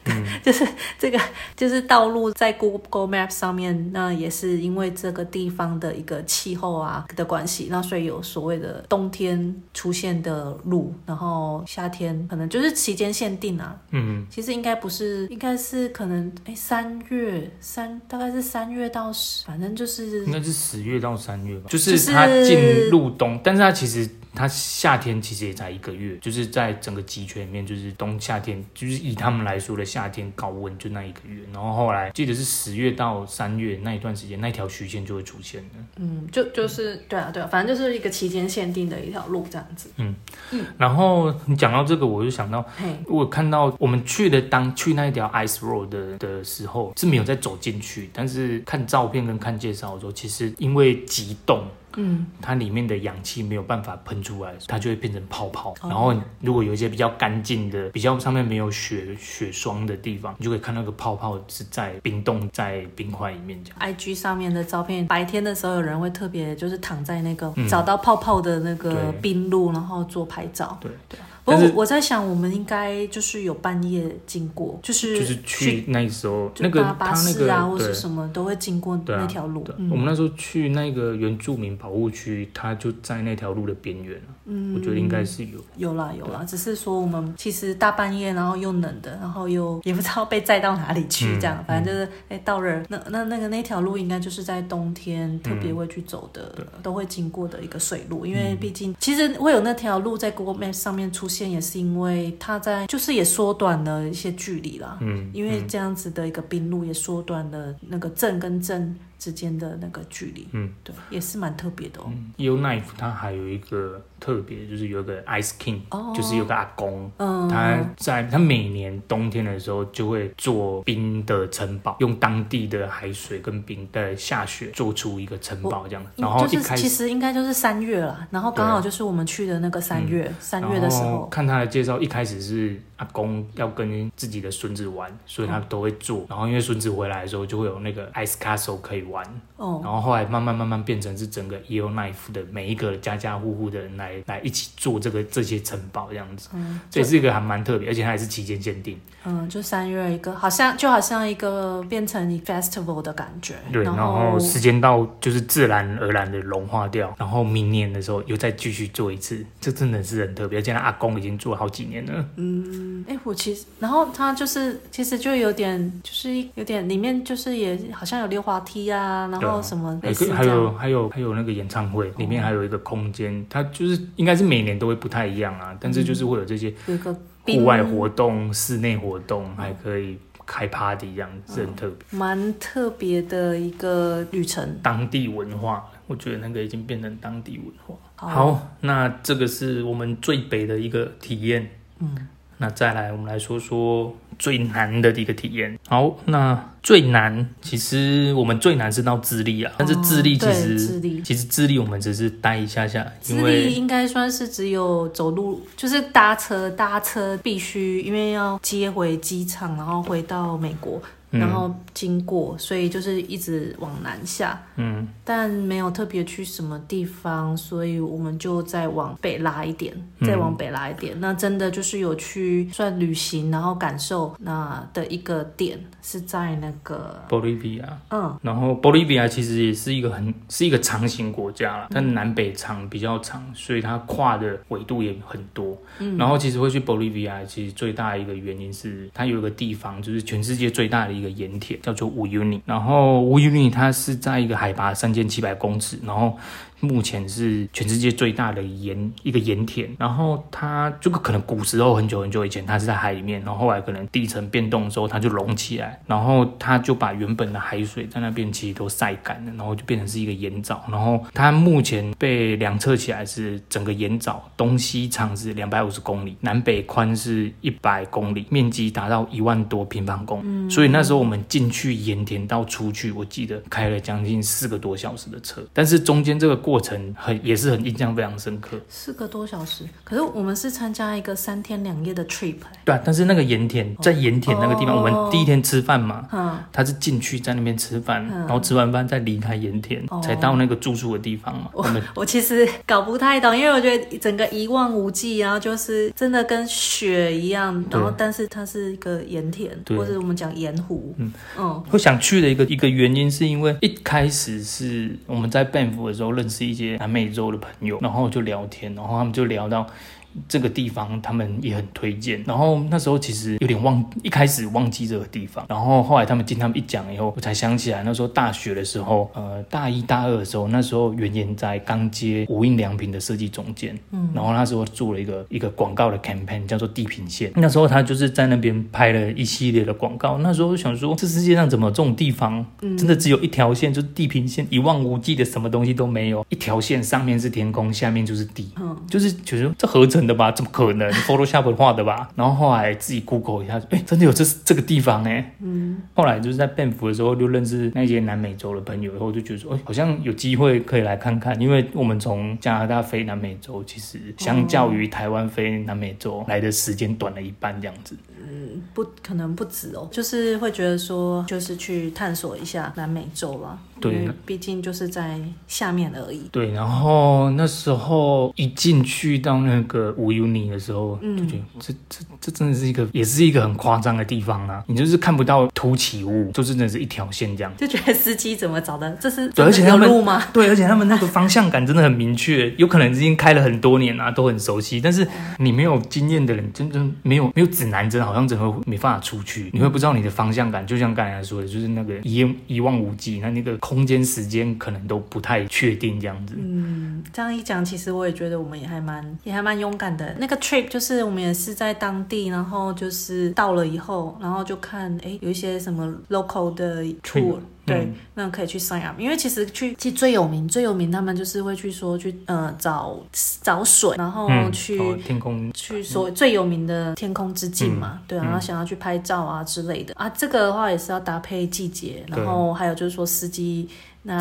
對、嗯， 就是這個就是道路在 Google Map 上面，那也是因為這個地方的一個氣候啊的關係，那所以有所謂的冬天出現的路，然後夏天可能就是期間限定啊，嗯，其實應該不是，應該是可能哎三、欸、月三大概是三月到十，反正就是。應該是十月到三月吧，就是它進入冬，就是，但是它其實。它夏天其實也才一個月，就是在整個極圈裡面，就是冬夏天，就是以他們來說的夏天高溫就那一個月。然後後來記得是十月到三月那一段時間，那條曲線就會出現了。嗯，就就是對啊對啊，反正就是一個期間限定的一條路這樣子。嗯然後你講到這個，我就想到，我看到我們去的當去那一條 ice road 的,的時候是沒有再走進去，但是看照片跟看介紹的時候，其實因為極凍嗯，它裡面的氧氣沒有辦法噴出來，它就會變成泡泡。然後，如果有一些比較乾淨的、嗯、比較上面沒有雪雪霜的地方，你就可以看到個泡泡是在冰凍在冰塊裡面。講，IG 上面的照片，白天的時候有人會特別就是躺在那個、嗯、找到泡泡的那個冰路，對然後做拍照。對對。對不過我在想，我們應該就是有半夜經過，就是就是去那時候那個巴士啊，或是什麼都會經過那條路。我們那時候去那個原住民保護區，它就在那條路的邊緣。嗯，我覺得應該是有，有啦有啦，只是說我們其實大半夜，然後又冷的，然後又也不知道被載到哪裡去，這樣反正就是哎到了那那那個那條路，應該就是在冬天特別會去走的，都會經過的一個水路，因為畢竟其實會有那條路在 Google Maps 上面出現。也是因為他在，就是也縮短了一些距離了，嗯，嗯，因為這樣子的一個冰路，也縮短了那個鎮跟鎮。之間的那個距離，嗯，對，也是蠻特別的。喔。Yellowknife 它還有一個特別，就是有一個 Ice King，oh, 就是有個阿公，嗯、他在他每年冬天的時候就會做冰的城堡，用當地的海水跟冰的下雪做出一個城堡這樣。然後就是其實應該就是三月了，然後剛好就是我們去的那個三月，三、啊嗯、月的時候。看他的介紹，一開始是。公要跟自己的孫子玩，所以他都會做。嗯、然後因為孫子回來的時候，就會有那個 ice castle 可以玩。哦。然後後來慢慢慢慢變成是整個 Yellowknife 的每一個家家戶戶的人來來一起做這個這些城堡這樣子。嗯。這也是一個還蠻特別，而且它還是期間限定。嗯，就三月一個，好像就好像一個變成 festival 的感覺。對，然後，然後時間到就是自然而然的融化掉，然後明年的時候又再繼續做一次，這真的是很特別。而且他阿公已經做了好幾年了。嗯，哎、欸，我其實，然後他就是其實就有點就是有點裡面就是也好像有溜滑梯啊，然後什麼，還有還有還有那個演唱會，裡面還有一個空間，哦，、他就是應該是每年都會不太一樣啊，但是就是會有這些。嗯，有一個戶外活動、室內活動，還可以開 party，這樣子、嗯、是很特別，蠻、嗯、特別的一個旅程。當地文化，我覺得那個已經變成當地文化。好，好，那這個是我們最北的一個體驗。嗯。那再來，我們來說說最南的一個體驗。好，那最南，其實我們最南是到智利啊。但是智利其實，哦、其實智利我們只是待一下下。智利應該算是只有走路，就是搭車，搭車必須因為要接回機場，然後回到美國。然後經過，所以就是一直往南下，嗯，但沒有特別去什麼地方，所以我們就再往北拉一點，嗯、再往北拉一點。那真的就是有去算旅行，然後感受那的一個點是在那個 Bolivia。Bolivia，嗯，然後 Bolivia 其實也是一個很是一個長型國家了，但南北長比較長，所以它跨的緯度也很多，嗯，然後其實會去 Bolivia 其實最大一個原因是它有一個地方就是全世界最大的一，一個鹽田叫做烏尤尼，然後烏尤尼它是在一個海拔三千七百公尺，然後。目前是全世界最大的鹽一個鹽田，然後它這個可能古時候很久很久以前，它是在海裡面，然後後來可能地層變動之後，它就隆起來，然後它就把原本的海水在那邊其實都曬乾了，然後就變成是一個鹽沼，然後它目前被量測起來是整個鹽沼東西長是兩百五十公里，南北寬是一百公里，面積達到一萬多平方公里，嗯，所以那時候我們進去鹽田到出去，我記得開了將近四個多小時的車，但是中間這個。過程很也是很印象非常深刻，四個多小時，可是我們是參加一個三天兩夜的 trip、欸。對、啊，但是那個鹽田在鹽田那個地方，oh. 我們第一天吃飯嘛，嗯，oh. 他是進去在那邊吃飯，oh. 然後吃完飯再離開鹽田，oh. 才到那個住宿的地方嘛。Oh. 我們我，我其實搞不太懂，因為我覺得整個一望無際，然後就是真的跟雪一樣，然後但是它是一個鹽田，對或者我們講鹽湖。嗯嗯對，oh. 我想去的一個一個原因是因為一開始是我們在 Banff 的時候認識，是一些南美洲的朋友，然後就聊天，然後他們就聊到。這個地方他們也很推薦，然後那時候其實有點忘，一開始忘記這個地方，然後後來他們聽他們一講以後，我才想起來那時候大學的時候，嗯、呃，大一大二的時候，那時候原研哉剛接無印良品的設計總監，嗯，然後那時候做了一個一個廣告的 campaign 叫做地平線，那時候他就是在那邊拍了一系列的廣告，那時候想說這世界上怎麼這種地方，真的只有一條線，就是地平線，一望無際的什麼東西都沒有，一條線上面是天空，下面就是地，嗯，就是覺得這合成。的吧？怎麼可能？你 Photoshop 化的吧。 然後後來自己 Google 一下，哎、欸，真的有這這個地方哎、欸。嗯。後來就是在 Banff 的時候就認識那些南美洲的朋友以後，然後就覺得說，哦、欸，好像有機會可以來看看。因為我們從加拿大飛南美洲，其實相較於台灣飛南美洲，哦，來的時間短了一半這樣子。嗯，不可能不止哦，就是會覺得說，就是去探索一下南美洲了。對，畢竟就是在下面而已。對，然後那時候一進去到那個烏尤尼的時候，嗯，就覺得這這這真的是一個，也是一個很誇張的地方啊！你就是看不到凸起物，就是真的是一條線這樣，就覺得司機怎麼找的？這是，對，而且要路嗎？對，而且他們那個方向感真的很明確， 有可能已經開了很多年啊，都很熟悉。但是你沒有經驗的人，真的沒有沒有指南針好。好像整個沒辦法出去，你會不知道你的方向感，就像剛才說的，就是那個一一望無際，那那個空間時間可能都不太確定這樣子。嗯，這樣一講，其實我也覺得我們也還蠻，也還蠻勇敢的。那個 trip 就是我們也是在當地，然後就是到了以後，然後就看，哎，有一些什麼 local 的 tour。對，那可以去三亞，因為其實去去最有名最有名，最有名他們就是會去說去呃找找水，然後去、嗯、天空去說最有名的天空之鏡嘛，嗯、對，然後想要去拍照啊之類的啊，這個的話也是要搭配季節，然後還有就是說司機。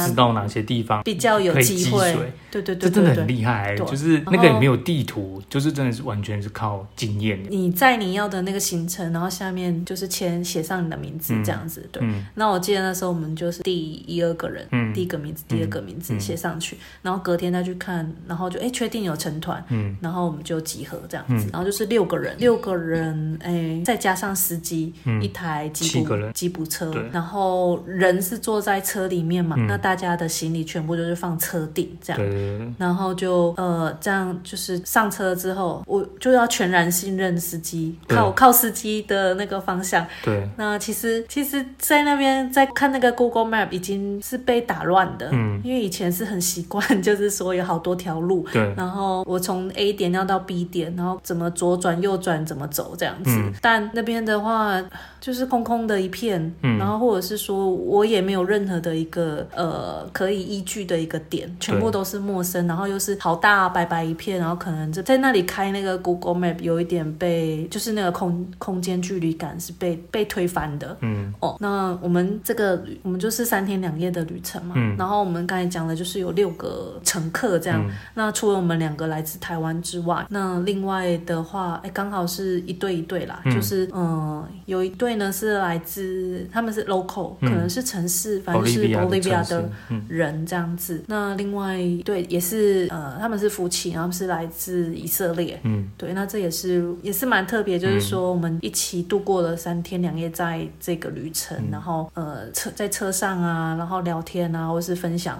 知道哪些地方比較有機會？對對對，這真的很厲害，就是那個也沒有地圖，就是真的是完全是靠經驗。你在你要的那個行程，然後下面就是簽寫上你的名字這樣子。對，那我記得那時候我們就是第一二個人，第一個名字，第二個名字寫上去，然後隔天再去看，然後就哎確定有成團，嗯，然後我們就集合這樣子，然後就是六個人，六個人，哎再加上司機，一台吉普車，七個人，吉普車，然後人是坐在車裡面嘛。那大家的行李全部就是放車頂這樣，對然後就呃這樣就是上車之後我就要全然信任司機，對靠靠司機的那個方向。對，那其實其實，在那邊在看那個 Google Map 已經是被打亂的，嗯，因為以前是很習慣，就是說有好多條路，對，然後我從 A 點要到 B 點，然後怎麼左轉右轉怎麼走這樣子。嗯、但那邊的話就是空空的一片，嗯，然後或者是說我也沒有任何的一個呃。呃，可以依據的一個點，全部都是陌生，對然後又是好大白白一片，然後可能就在那裡開那個 Google Map，有一點被就是那個空空間距離感是被被推翻的。嗯，哦，那我們這個我們就是三天兩夜的旅程嘛，嗯、然後我們剛才講的就是有六個乘客這樣，嗯、那除了我們兩個來自台灣之外，那另外的話，哎，剛好是一對一對啦，嗯、就是嗯、呃，有一對呢是來自他們是 local，、嗯、可能是城市，反正是 Bolivia、嗯。嗯、人這樣子，那另外對也是呃，他們是夫妻，然後他們是來自以色列，嗯，對，那這也是也是蠻特別，就是說我們一起度過了三天兩夜在這個旅程，嗯、然後呃車在車上啊，然後聊天啊，或者是分享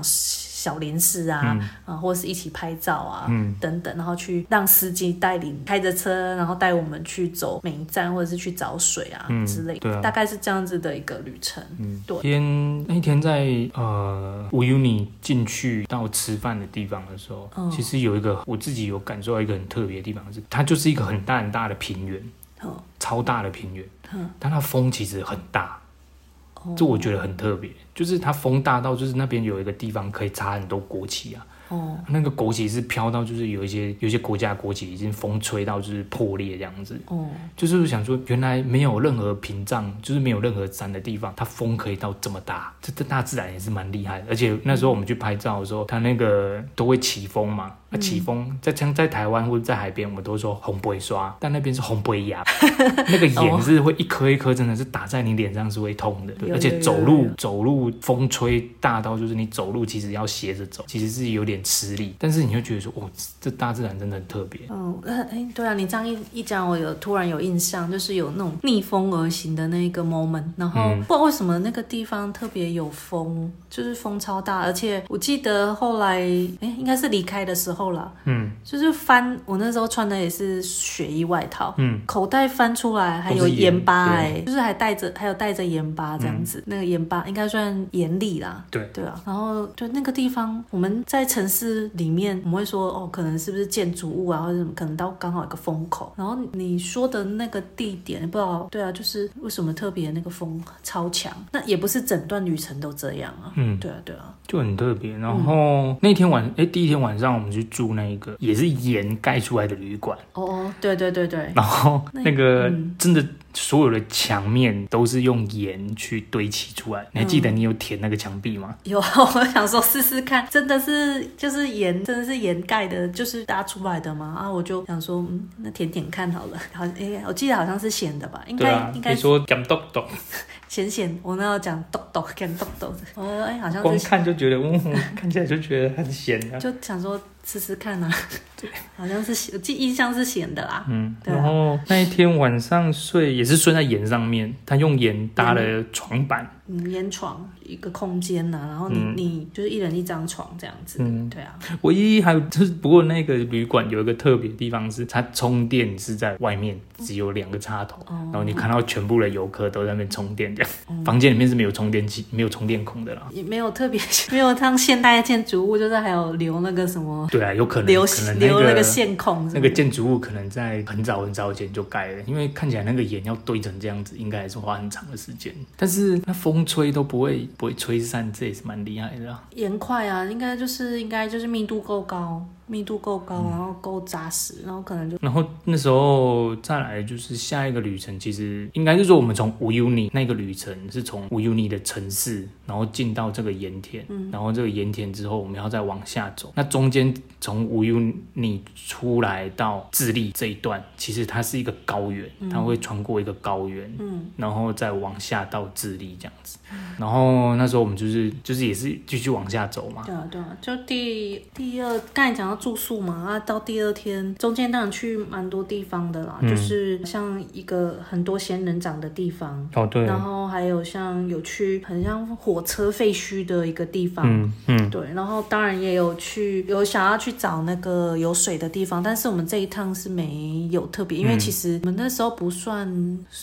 小零食啊，啊、嗯，或者是一起拍照啊，嗯、等等，然後去讓司機帶領開着車，然後帶我們去走每一站，或者是去找水啊之類的。的、嗯啊、大概是這樣子的一個旅程。嗯、對。那天，那一天在呃，烏尤尼進去到吃飯的地方的時候，嗯、其實有一個我自己有感受到一個很特別的地方，是它就是一個很大很大的平原，嗯、超大的平原。嗯。但它風其實很大。這我覺得很特別，就是它風大到，就是那邊有一個地方可以插很多國旗啊。哦、那個國旗是飄到，就是有一些有一些國家國旗已經風吹到就是破裂這樣子。哦，就是想說，原來沒有任何屏障，就是沒有任何山的地方，它風可以到這麼大，這這大自然也是蠻厲害的。而且那時候我們去拍照的時候，嗯、它那個都會起風嘛，啊、起風、嗯、在像在台灣或者在海邊，我們都說風不會刷，但那邊是風不會揚， 那個鹽是會一顆一顆，真的是打在你臉上是會痛的。對，有對而且走路走路風吹大到就是你走路其實要斜着走，其實是有點。吃力，但是你會覺得說，哦、喔，這大自然真的很特別。嗯，哎、欸，對啊，你這樣一、一講，我有突然有印象，就是有那種逆風而行的那個 moment。然後、嗯、不知道為什麼，那個地方特別有風，就是風超大，而且我記得後來，哎、欸，應該是離開的時候了。嗯，就是翻，我那時候穿的也是雪衣外套。嗯，口袋翻出來還有鹽巴、欸，哎對，就是還帶着，還有帶着鹽巴這樣子。嗯、那個鹽巴應該算鹽粒啦。對對啊，然後就那個地方，我們在城市。但是裡面我們會說哦，可能是不是建築物啊，或者什麼，可能到剛好一個風口。然後你說的那個地點，不知道對啊，就是為什麼特別那個風超強？那也不是整段旅程都這樣啊。嗯，對啊，對啊，就很特別。然後、嗯、那天晚，哎、欸，第一天晚上我們去住那一個也是鹽蓋出來的旅館。哦哦，對對對對。然後那,那個真的。嗯所有的牆面都是用鹽去堆砌出來。你還記得你有舔那個牆壁嗎？嗯、有啊，我想說試試看，真的是就是鹽，真的是鹽蓋的，就是搭出來的嗎？啊，我就想說，嗯，那舔舔看好了。好，哎、欸，我記得好像是鹹的吧？應該、啊、應該你說 鹹鹹，我那要講豆豆，講豆豆我哎、欸，好像光看就覺得，嗯，看起來就覺得很鹹的、啊，就想說吃吃看啊。對好像是鹹，記印象是鹹的啦。嗯，然後對那一天晚上睡也是睡在鹽上面，他用鹽搭了床板。嗯嗯，鹽床一個空間吶、啊，然後你、嗯、你就是一人一張床這樣子，嗯、對啊。唯一,一還有就是，不過那個旅館有一個特別的地方是，它充電是在外面，只有兩個插頭，嗯、然後你看到全部的遊客都在那充電，這樣、嗯、房間裡面是沒有充電器、沒有充電孔的了。也沒有特別， 沒有像現代建築物，就是還有留那個什麼？對啊，有可能留可能、那個、留那個線孔。那個建築物可能在很早很早以前就蓋了，因為看起來那個鹽要堆成這樣子，應該還是花很長的時間。但是它風。風吹都不會不會吹散，這也是蠻厲害的啊。鹽塊啊，應該就是應該就是密度夠高。密度夠高，然後夠扎實，嗯、然後可能就，然後那時候再來就是下一個旅程，其實應該就是說，我們從烏尤尼那個旅程是從烏尤尼的城市，然後進到這個鹽田，嗯，然後這個鹽田之後我們要再往下走，那中間從烏尤尼出來到智利這一段，其實它是一個高原，它會穿過一個高原，嗯，然後再往下到智利這樣子，然後那時候我們就是就是也是繼續往下走嘛，對啊對啊，就第第二剛才講到。住宿嘛，啊，到第二天中間當然去蠻多地方的啦，嗯、就是像一個很多仙人掌的地方哦，對，然後還有像有去很像火車廢墟的一個地方，嗯，嗯對，然後當然也有去有想要去找那個有水的地方，但是我們這一趟是沒有特別，因為其實我們那時候不算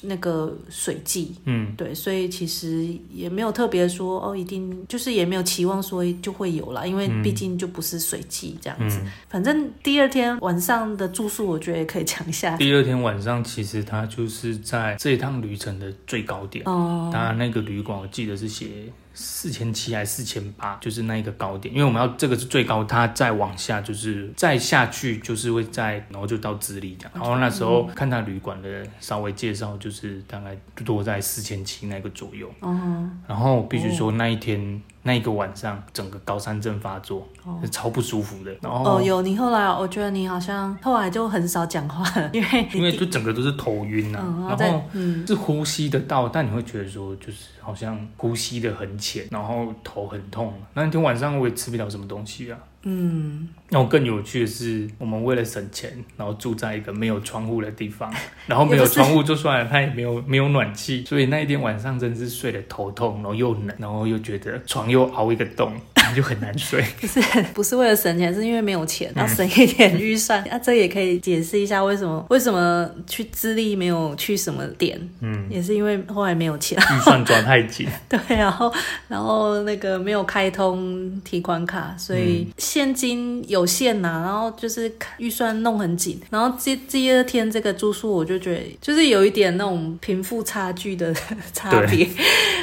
那個水季，嗯，對，所以其實也沒有特別說哦，一定就是也沒有期望說就會有啦，因為畢竟就不是水季這樣子。反正第二天晚上的住宿，我覺得也可以講一下。第二天晚上其實它就是在這一趟旅程的最高點哦。當然那個旅館我記得是寫四千七還是四千八，就是那一個高點。因為我們要這個是最高，它再往下就是再下去就是會在，然後就到智利。然後那時候看他旅館的稍微介紹，就是大概多在四千七那個左右。哦。然後必須說那一天。那一個晚上，整個高山症發作，哦、超不舒服的。然後、哦、有你後來，我覺得你好像後來就很少講話了，因為因為就整個都是頭暈吶、啊，嗯、然後是呼吸得到，嗯、但你會覺得說就是好像呼吸得很淺，然後頭很痛。那天晚上我也吃不了什麼東西啊。嗯。然後更有趣的是，我們為了省錢，然後住在一個沒有窗戶的地方，然後沒有窗戶，就算了，他也沒有沒有暖氣，所以那一天晚上真是睡得頭痛，然後又冷，然後又覺得床又凹一個洞，就很難睡。 不是不是為了省錢，是因為沒有錢，要省一點預算，嗯、那這也可以解釋一下為什麼為什麼去智利沒有去什麼點，嗯，也是因為後來沒有錢，預算轉太緊， 對，然後然後那個沒有開通提款卡，所以現金有。有限吶、啊，然後就是預算弄很緊，然後第第二天這個住宿我就覺得就是有一點那種貧富差距的差別。對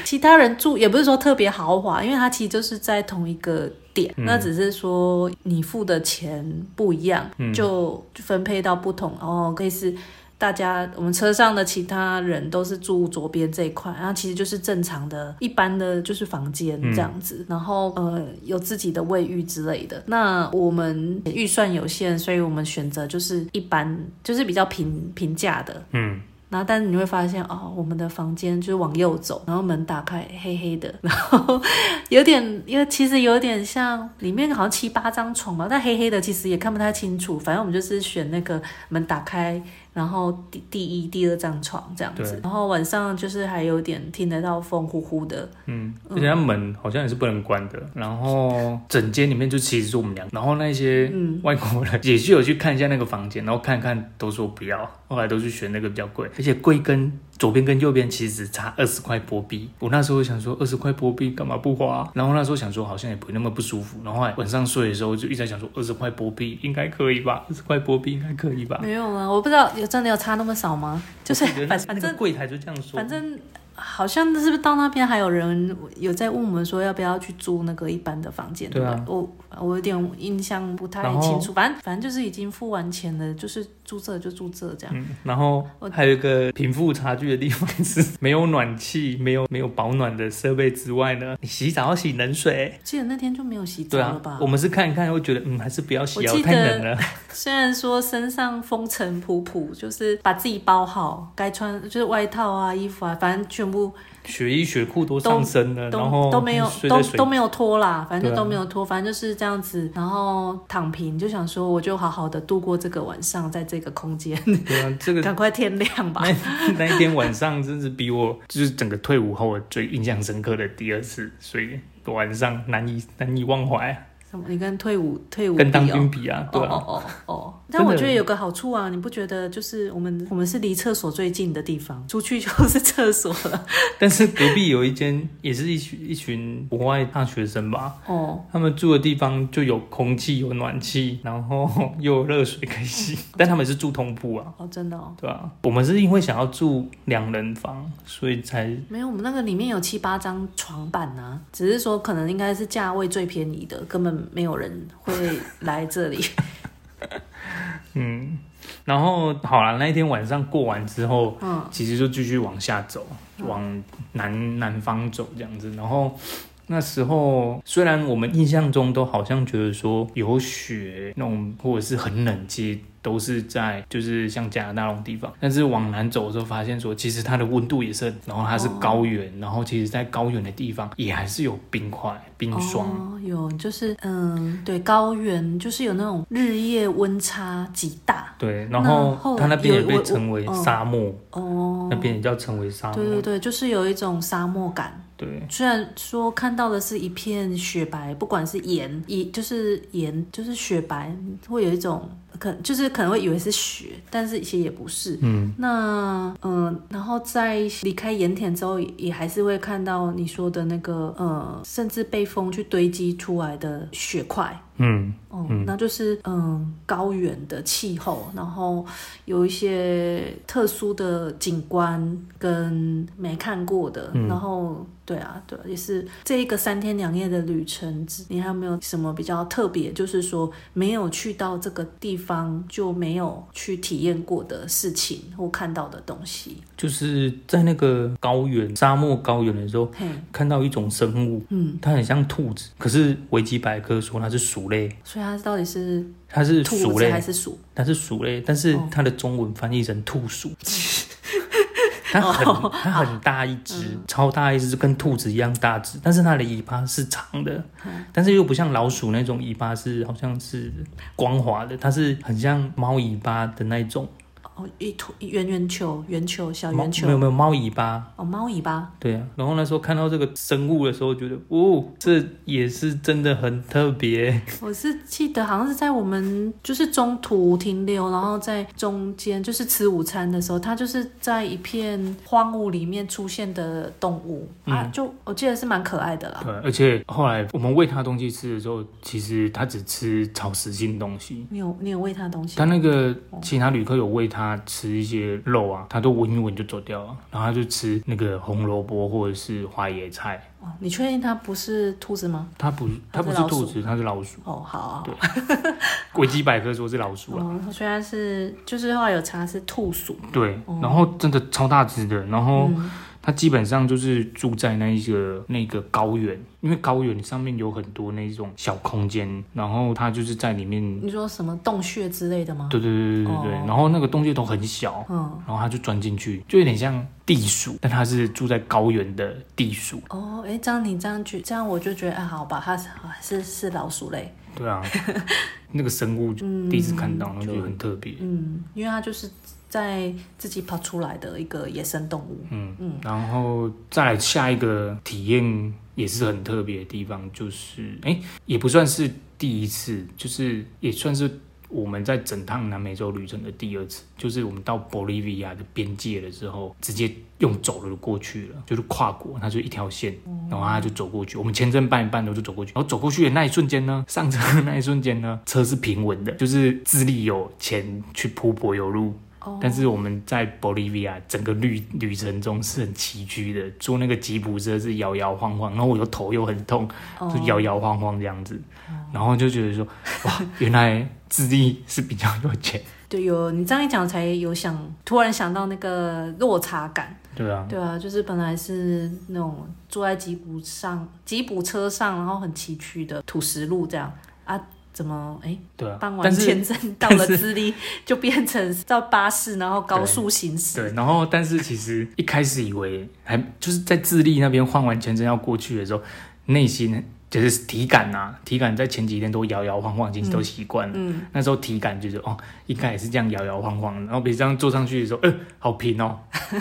其他人住也不是說特別豪華，因為它其實就是在同一個點，嗯、那只是說你付的錢不一樣，就分配到不同，然後、嗯哦、可以是。大家，我們車上的其他人都是住左邊這一塊，然後其實就是正常的一般的就是房間這樣子，嗯，然後呃有自己的衛浴之類的。那我們預算有限，所以我們選擇就是一般，就是比較平平價的。嗯，然後但是你會發現哦，我們的房間就是往右走，然後門打開黑黑的，然後有點，因為其實有點像裡面好像七八張床嘛，但黑黑的其實也看不太清楚。反正我們就是選那個門打開。然後第第一、第二張床這樣子，對然後晚上就是還有點聽得到風呼呼的，嗯，而且他門好像也是不能關的。然後整間裡面就其實是我們兩個，然後那些嗯外國人也是有去看一下那個房間，然後看看都說不要，後來都去選那個比較貴，而且貴跟。左邊跟右邊其實只差二十塊波幣，我那時候想說二十塊波幣幹嘛不花啊？然後那時候想說好像也不那麼不舒服。然後晚上睡的時候我就一直想說二十塊波幣應該可以吧，二十塊波幣應該可以吧。沒有啊，我不知道有真的有差那麼少嗎？就是反正櫃檯就這樣說。反正，反正好像是不是到那邊還有人有在問我們說要不要去租那個一般的房間？對啊，我。我有點印象，不太清楚，反正後反正就是已經付完錢了，就是住這就住這這樣。嗯、然後我還有一個貧富差距的地方是，沒有暖氣，沒有沒有保暖的設備之外呢，你洗澡要洗冷水。記得那天就沒有洗澡了吧？對啊、我們是看一看，我覺得嗯，還是不要洗了，我記得太冷了。雖然說身上風塵僕僕，就是把自己包好，該穿就是外套啊、衣服啊，反正全部。雪衣雪褲都上身了，然後都，都沒有都都沒有脫啦，反正都沒有脫，反正就是這樣子，然後躺平，就想說我就好好的度過這個晚上，在這個空間，對啊，這個趕快天亮吧。那那一天晚上，真是比我就是整個退伍後我最印象深刻的第二次睡晚上難以，難以難以忘懷。你跟退伍退伍、哦、跟當兵比啊，對啊，哦哦哦，哦哦哦 但我覺得有個好處啊，你不覺得？就是我們我們是離廁所最近的地方，出去就是廁所了。 但是隔壁有一間，也是一群一群國外大學生吧？哦，他們住的地方就有空氣，有暖氣，然後又有熱水可以洗。嗯嗯嗯、但他們也是住通鋪啊？哦，真的哦，對啊，我們是因為想要住兩人房，所以才沒有。我們那個裡面有七八張床板啊，只是說可能應該是價位最便宜的，根本。沒有人會來這裡。 嗯，然後好了，那天晚上過完之後，嗯，其實就繼續往下走，嗯、往南南方走這樣子，然後。那時候雖然我們印象中都好像覺得說有雪那種或者是很冷，其實都是在就是像加拿大那種地方。但是往南走的時候，發現說其實它的溫度也是，然後它是高原，oh. 然後其實在高原的地方也還是有冰塊、冰霜。哦、oh，有就是嗯，對，高原就是有那種日夜溫差極大。對，然後它那邊也被稱為沙漠。哦，oh. oh. 那邊也叫稱為沙漠。對對對，就是有一種沙漠感。對雖然說看到的是一片雪白，不管是鹽，一就是鹽，就是雪白，會有一種。可能就是可能會以為是雪，但是其實也不是。嗯，那嗯、呃，然後在離開鹽田之後，也還是會看到你說的那個呃，甚至被風去堆積出來的雪塊。嗯，哦，嗯、那就是嗯、呃，高原的氣候，然後有一些特殊的景觀跟沒看過的。嗯、然後對啊，對啊，也、就是這一個三天兩夜的旅程，你還有沒有什麼比較特別？就是說沒有去到這個地方。方就沒有去體驗過的事情或看到的東西，就是在那個高原、沙漠高原的時候，嘿看到一種生物，嗯，它很像兔子，可是維基百科說它是鼠類，所以它到底是它是兔子還是鼠？它是鼠類，但是它的中文翻譯成、哦、兔鼠。 它很它很大一隻，啊，嗯、超大一隻，就跟兔子一樣大隻，但是它的尾巴是長的，嗯、但是又不像老鼠那種尾巴是好像是光滑的，它是很像貓尾巴的那種。哦，一坨，圓圓球，圓球小圓球，沒有沒有貓尾巴哦，貓尾巴。哦，尾巴。對啊，然後那時候看到這個生物的時候，覺得哦，這也是真的很特別。我是記得好像是在我們就是中途停留，然後在中間就是吃午餐的時候，它就是在一片荒蕪裡面出現的動物，啊，嗯，就我記得是蠻可愛的啦。對，而且後來我們餵它東西吃的時候，其實它只吃草食性東西。你有你有餵它東西？但那個其他旅客有餵它。哦他吃一些肉啊，他都聞一聞就走掉了，然後他就吃那個紅蘿蔔或者是花椰菜。哦，你確定它不是兔子嗎？它不，它不是兔子，它是老鼠。老鼠哦，好哦，維對 基百科說是老鼠啊，哦。雖然是，就是後來有查是兔鼠。對，然後真的超大隻的，然後。嗯它基本上就是住在那一個那個高原，因為高原上面有很多那種小空間，然後它就是在裡面。你說什麼洞穴之類的嗎？對對對對對，oh. 對然後那個洞穴都很小，嗯，oh. 然後它就鑽進去，就有點像地鼠，但它是住在高原的地鼠。哦、oh, 欸，哎，這樣你這樣去，這樣我就覺得，哎、欸，好吧，它是是，是老鼠類。對啊， 那個生物第一次看到，覺得、嗯、很特別。嗯，因為它就是。在自己跑出來的一個野生動物，嗯嗯，然後再來下一個體驗也是很特別的地方，就是哎，也不算是第一次，就是也算是我們在整趟南美洲旅程的第二次，就是我們到玻利維亞的邊界的時候，直接用走了就過去了，就是跨國，那就一條線，然後他就走過去，我們簽證辦一半，然後就走過去，然後走過去的那一瞬間呢，上車的那一瞬間呢，車是平穩的，就是智利有錢去鋪柏油路。但是我們在 Bolivia 整個旅旅程中，是很崎嶇的，坐那個吉普車是搖搖晃晃，然後我又頭又很痛，就搖搖晃晃這樣子，哦，然後就覺得說，哇，原來智利是比較有錢。對，有，你這樣一講，才有想突然想到那個落差感。對啊，對啊，就是本來是那種坐在吉普上吉普車上，然後很崎嶇的土石路這樣啊。怎麼？哎、欸，對啊，辦完簽證是到了智利是就變成坐巴士，然後高速行駛。對，然後但是其實一開始以為還就是在智利那邊換完簽證要過去的時候，內心就是體感吶、啊，體感在前幾天都搖搖晃晃，已經都習慣了，嗯。嗯，那時候體感就是哦，應該也是這樣搖搖晃晃。然後比如這樣坐上去的時候，嗯、欸，好平哦。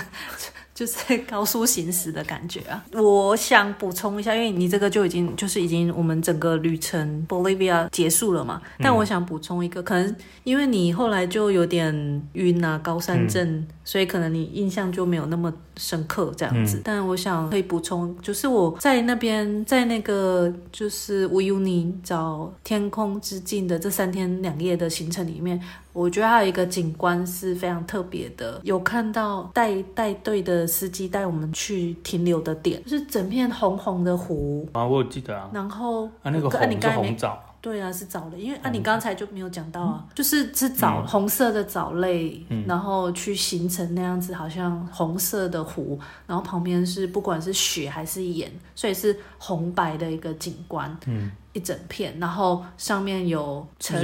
就是高速行駛的感覺啊！我想補充一下，因為你這個就已經就是已經我們整個旅程 Bolivia 結束了嘛。但我想補充一個，嗯、可能因為你後來就有點暈啊，高山症。嗯所以可能你印象就沒有那麼深刻這樣子，嗯、但我想可以補充，就是我在那邊在那個就是烏尤尼找天空之鏡的這三天兩夜的行程裡面，我覺得還有一個景觀是非常特別的，有看到帶帶隊的司機帶我們去停留的點，就是整片紅紅的湖啊，我記得啊，然後啊那個，紅是紅棗你是對啊，是藻類，因為啊，你剛才就沒有講到啊，嗯、就是是藻、嗯、紅色的藻類，嗯、然後去形成那樣子，好像紅色的湖，然後旁邊是不管是雪還是鹽，所以是紅白的一個景觀。嗯。一整片，然後上面有成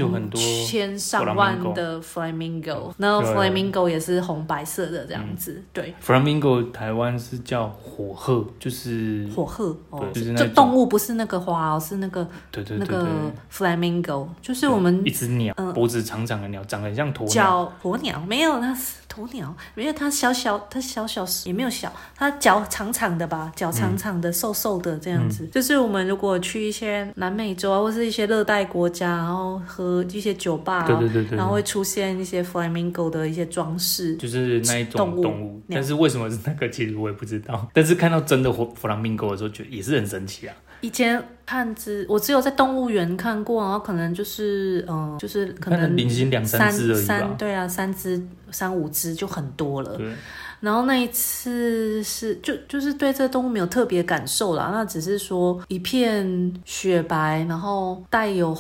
千上萬的 flamingo，fl 那 flamingo 也是紅白色的這樣子。對，flamingo 台灣是叫火鶴，就是火鶴哦，對就是那種就動物，不是那個花，是那個對對對，對，對那個 flamingo，就是我們一隻鳥，脖子長長的鳥，呃、長得很像鴕鳥，叫火鳥，沒有那是。鴕鳥，因為它小小，它小小也沒有小，它腳長長的吧，腳長長的，瘦、嗯、瘦的這樣子。嗯、就是我們如果去一些南美洲啊，或是一些熱帶國家，然後喝一些酒吧、啊，對對對對，然後會出現一些 flamingo 的一些裝飾，就是那一種動物。鳥但是為什麼是那個，其實我也不知道。但是看到真的 flamingo 的時候，就也是很神奇啊。以前看隻，我只有在動物園看過，然後可能就是，嗯、呃，就是可能兩三隻而已吧，三，對啊，三隻、三五隻就很多了。對然後那一次是就就是對這動物沒有特別感受啦，那只是說一片雪白，然後帶有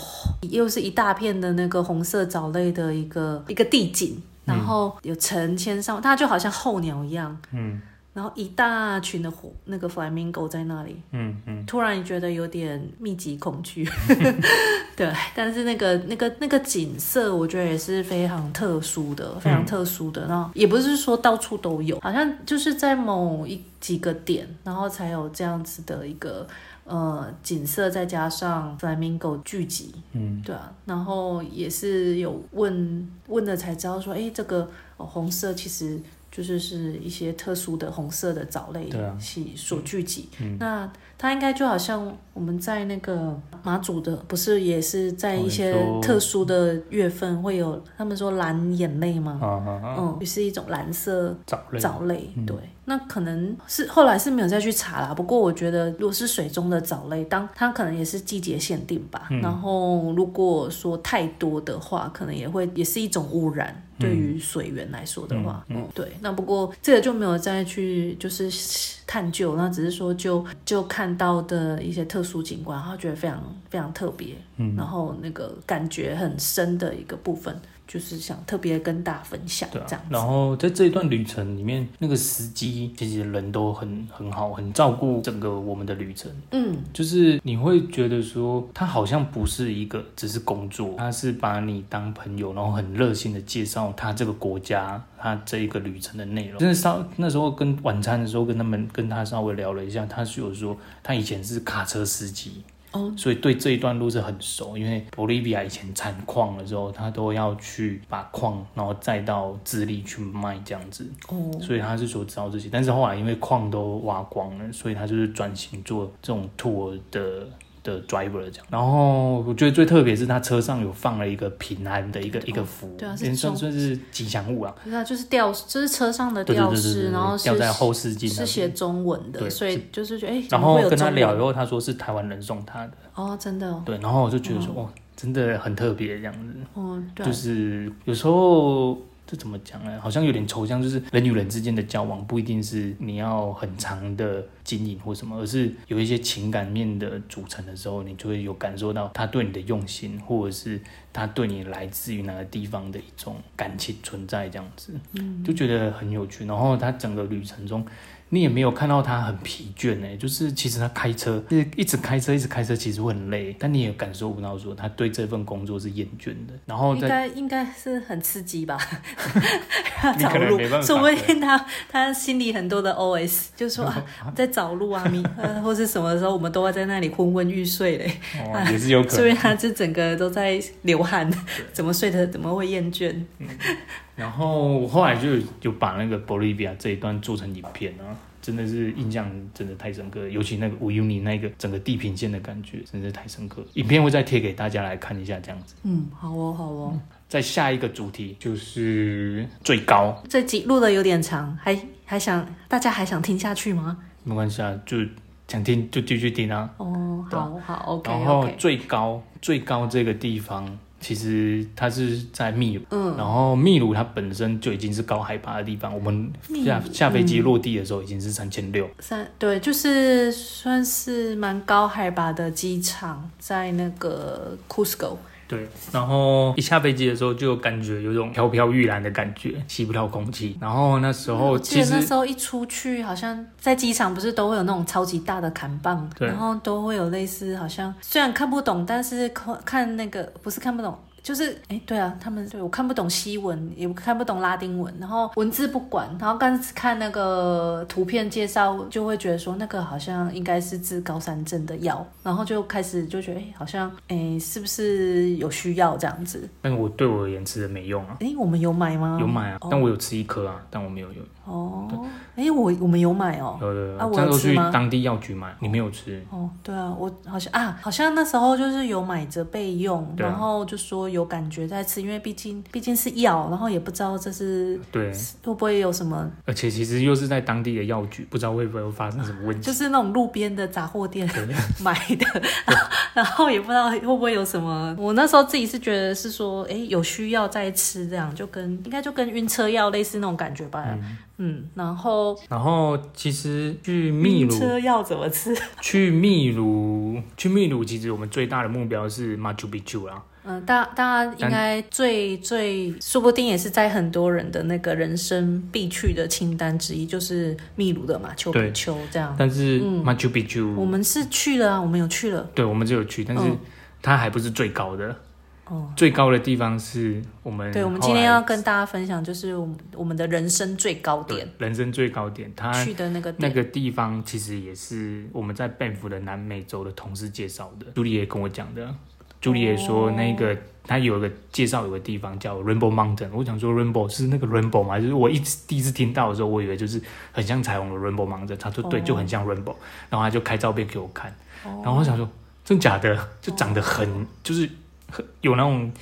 又是一大片的那個紅色藻類的一個一個地景，然後有成千上，嗯、它就好像候鳥一樣。嗯。然後一大群的火，那個 flamingo 在那裡，嗯嗯，嗯突然覺得有點密集恐懼，嗯、 對。但是那個那個那個景色，我覺得也是非常特殊的，非常特殊的。嗯、然後也不是說到處都有，好像就是在某一幾個點，然後才有這樣子的一個呃景色，再加上 flamingo 聚集，嗯，對啊。然後也是有問問了才知道說，哎、欸，這個紅色其實。就是是一些特殊的紅色的藻類系所聚集。啊嗯嗯、那它應該就好像我們在那個馬祖的，不是也是在一些特殊的月份會有，嗯、他們說藍眼淚嗎？啊啊啊、嗯，也是一種藍色藻類藻類藻類，對。嗯那可能是後來是沒有再去查啦，不過我覺得如果是水中的藻類，當它可能也是季節限定吧。嗯、然後如果說太多的話，可能也會也是一種污染，嗯、對於水源來說的話，嗯，嗯，嗯，對。那不過這個就沒有再去就是探究，那只是說就就看到的一些特殊景觀，然後覺得非常非常特別，嗯，然後那個感覺很深的一個部分。就是想特別跟大家分享這樣子，啊。然後在這一段旅程裡面，那個司機其實人都很很好，很照顧整個我們的旅程。嗯，就是你會覺得說他好像不是一個只是工作，他是把你當朋友，然後很熱心的介紹他這個國家，他這一個旅程的內容。就是稍，那時候跟晚餐的時候跟他們跟他稍微聊了一下，他有說他以前是卡車司機。哦，oh. 所以對這一段路是很熟，因為玻利維亞以前產礦的時候，他都要去把礦，然後再到智利去賣這樣子。哦，oh. 所以他是說知道這些，但是後來因為礦都挖光了，所以他就是轉型做這種 tour 的。的 driver 這樣，然後我覺得最特別是他車上有放了一個平安的一個一個福。對啊，是算是吉祥物啊，對啊，就是吊，就是車上的吊飾，然後吊在後視鏡上，是寫中文的，文的對所以就是覺得、欸、然後跟他聊以後，他說是台灣人送他的，哦，真的、哦，對，然後我就覺得說，哇，真的很特別這樣子，嗯、哦、對、啊，就是有時候。這怎麼講呢？好像有點抽象，就是人與人之間的交往不一定是你要很長的經營或什麼，而是有一些情感面的組成的時候，你就會有感受到他對你的用心，或者是他對你來自於哪個地方的一種感情存在，這樣子，嗯，就覺得很有趣。然後他整個旅程中。你也沒有看到他很疲倦、欸、就是其實他開車，一直開車，一直開車，其實會很累。但你也感受不到，說他對這份工作是厭倦的？然後應該應該是很刺激吧？他 找路，說不定他對他心裡很多的 OS，就說、啊 啊、在找路啊，咪、呃，或是什麼時候，我們都會在那裡昏昏欲睡嘞。哇啊、也是有可能。所以他就整個都在流汗，對怎麼睡得怎麼會厭倦？嗯。然後後來就就把那個玻利維亞這一段做成影片啊，真的是印象真的太深刻，尤其那個烏尤尼那個整個地平線的感覺，真的太深刻。影片會再貼給大家來看一下，這樣子。嗯，好哦，好哦、嗯。再下一個主題就是最高。這集錄的有點長，還還想大家還想聽下去嗎？沒關係啊，就想聽就繼續聽啊。哦，對好好，OK OK。然後最高 okay. 最高這個地方。其實它是在秘魯，然後秘魯它本身就已經是高海拔的地方。嗯、我們下下飛機落地的時候已經是三千六三，對，就是算是蠻高海拔的機場，在那個 Cusco 對，然後一下飛機的時候就感覺有種飄飄欲仙的感覺，吸不到空氣。然後那時候，其實、嗯、那時候一出去，實好像在機場不是都會有那種超級大的看板，對然後都會有類似，好像雖然看不懂，但是看那個不是看不懂。就是哎，對啊，他們對我看不懂西文，也看不懂拉丁文，然後文字不管，然後剛看那個圖片介紹，就會覺得說那個好像應該是治高山症的藥，然後就開始就覺得哎，好像哎，是不是有需要這樣子？但我對我而言，吃的沒用啊。哎，我們有買嗎？有買啊，哦、但我有吃一顆啊，但我沒有用。哦，哎但，我我們有買哦，有有，啊，我都去當地藥局買，啊、你沒有吃？哦，對啊，我好像啊，好像那時候就是有買着備用，啊、然後就說。有感覺在吃，因為畢竟畢竟是藥，然後也不知道這是對會不會有什麼，而且其實又是在當地的藥局，不知道會不會發生什麼問題。啊、就是那種路邊的雜貨店了買的，然後，對然後也不知道會不會有什麼。我那時候自己是覺得是說，哎、欸，有需要再吃，這樣就跟應該就跟暈車藥類似那種感覺吧。嗯，嗯，然後然後其實去秘魯車藥怎麼吃？去秘魯去秘魯，其實我們最大的目標是馬 a 比 h 啦。嗯、呃，大大家應該最最說不定也是在很多人的那個人生必去的清單之一，就是秘魯的馬丘比丘這樣。但是馬丘比丘，嗯、chu, 我們是去了啊，我們有去了。對，我們就有去，但是它還不是最高的。哦、嗯，最高的地方是我們。對，我們今天要跟大家分享，就是我們的人生最高點。人生最高點，他去的那個那個地方，其實也是我們在半幅的南美洲的同事介紹的，朱莉對也跟我講的。朱莉葉說：“那個、哦、他有個介紹，有個地方叫 Rainbow Mountain。我想說 Rainbow 是那個 Rainbow 嘛，就是我一直第一次聽到的時候，我以為就是很像彩虹的 Rainbow Mountain。他說對，哦、就很像 Rainbow。然後他就開照片給我看，哦、然後我想說真假的？就長得很，哦、就是很有那種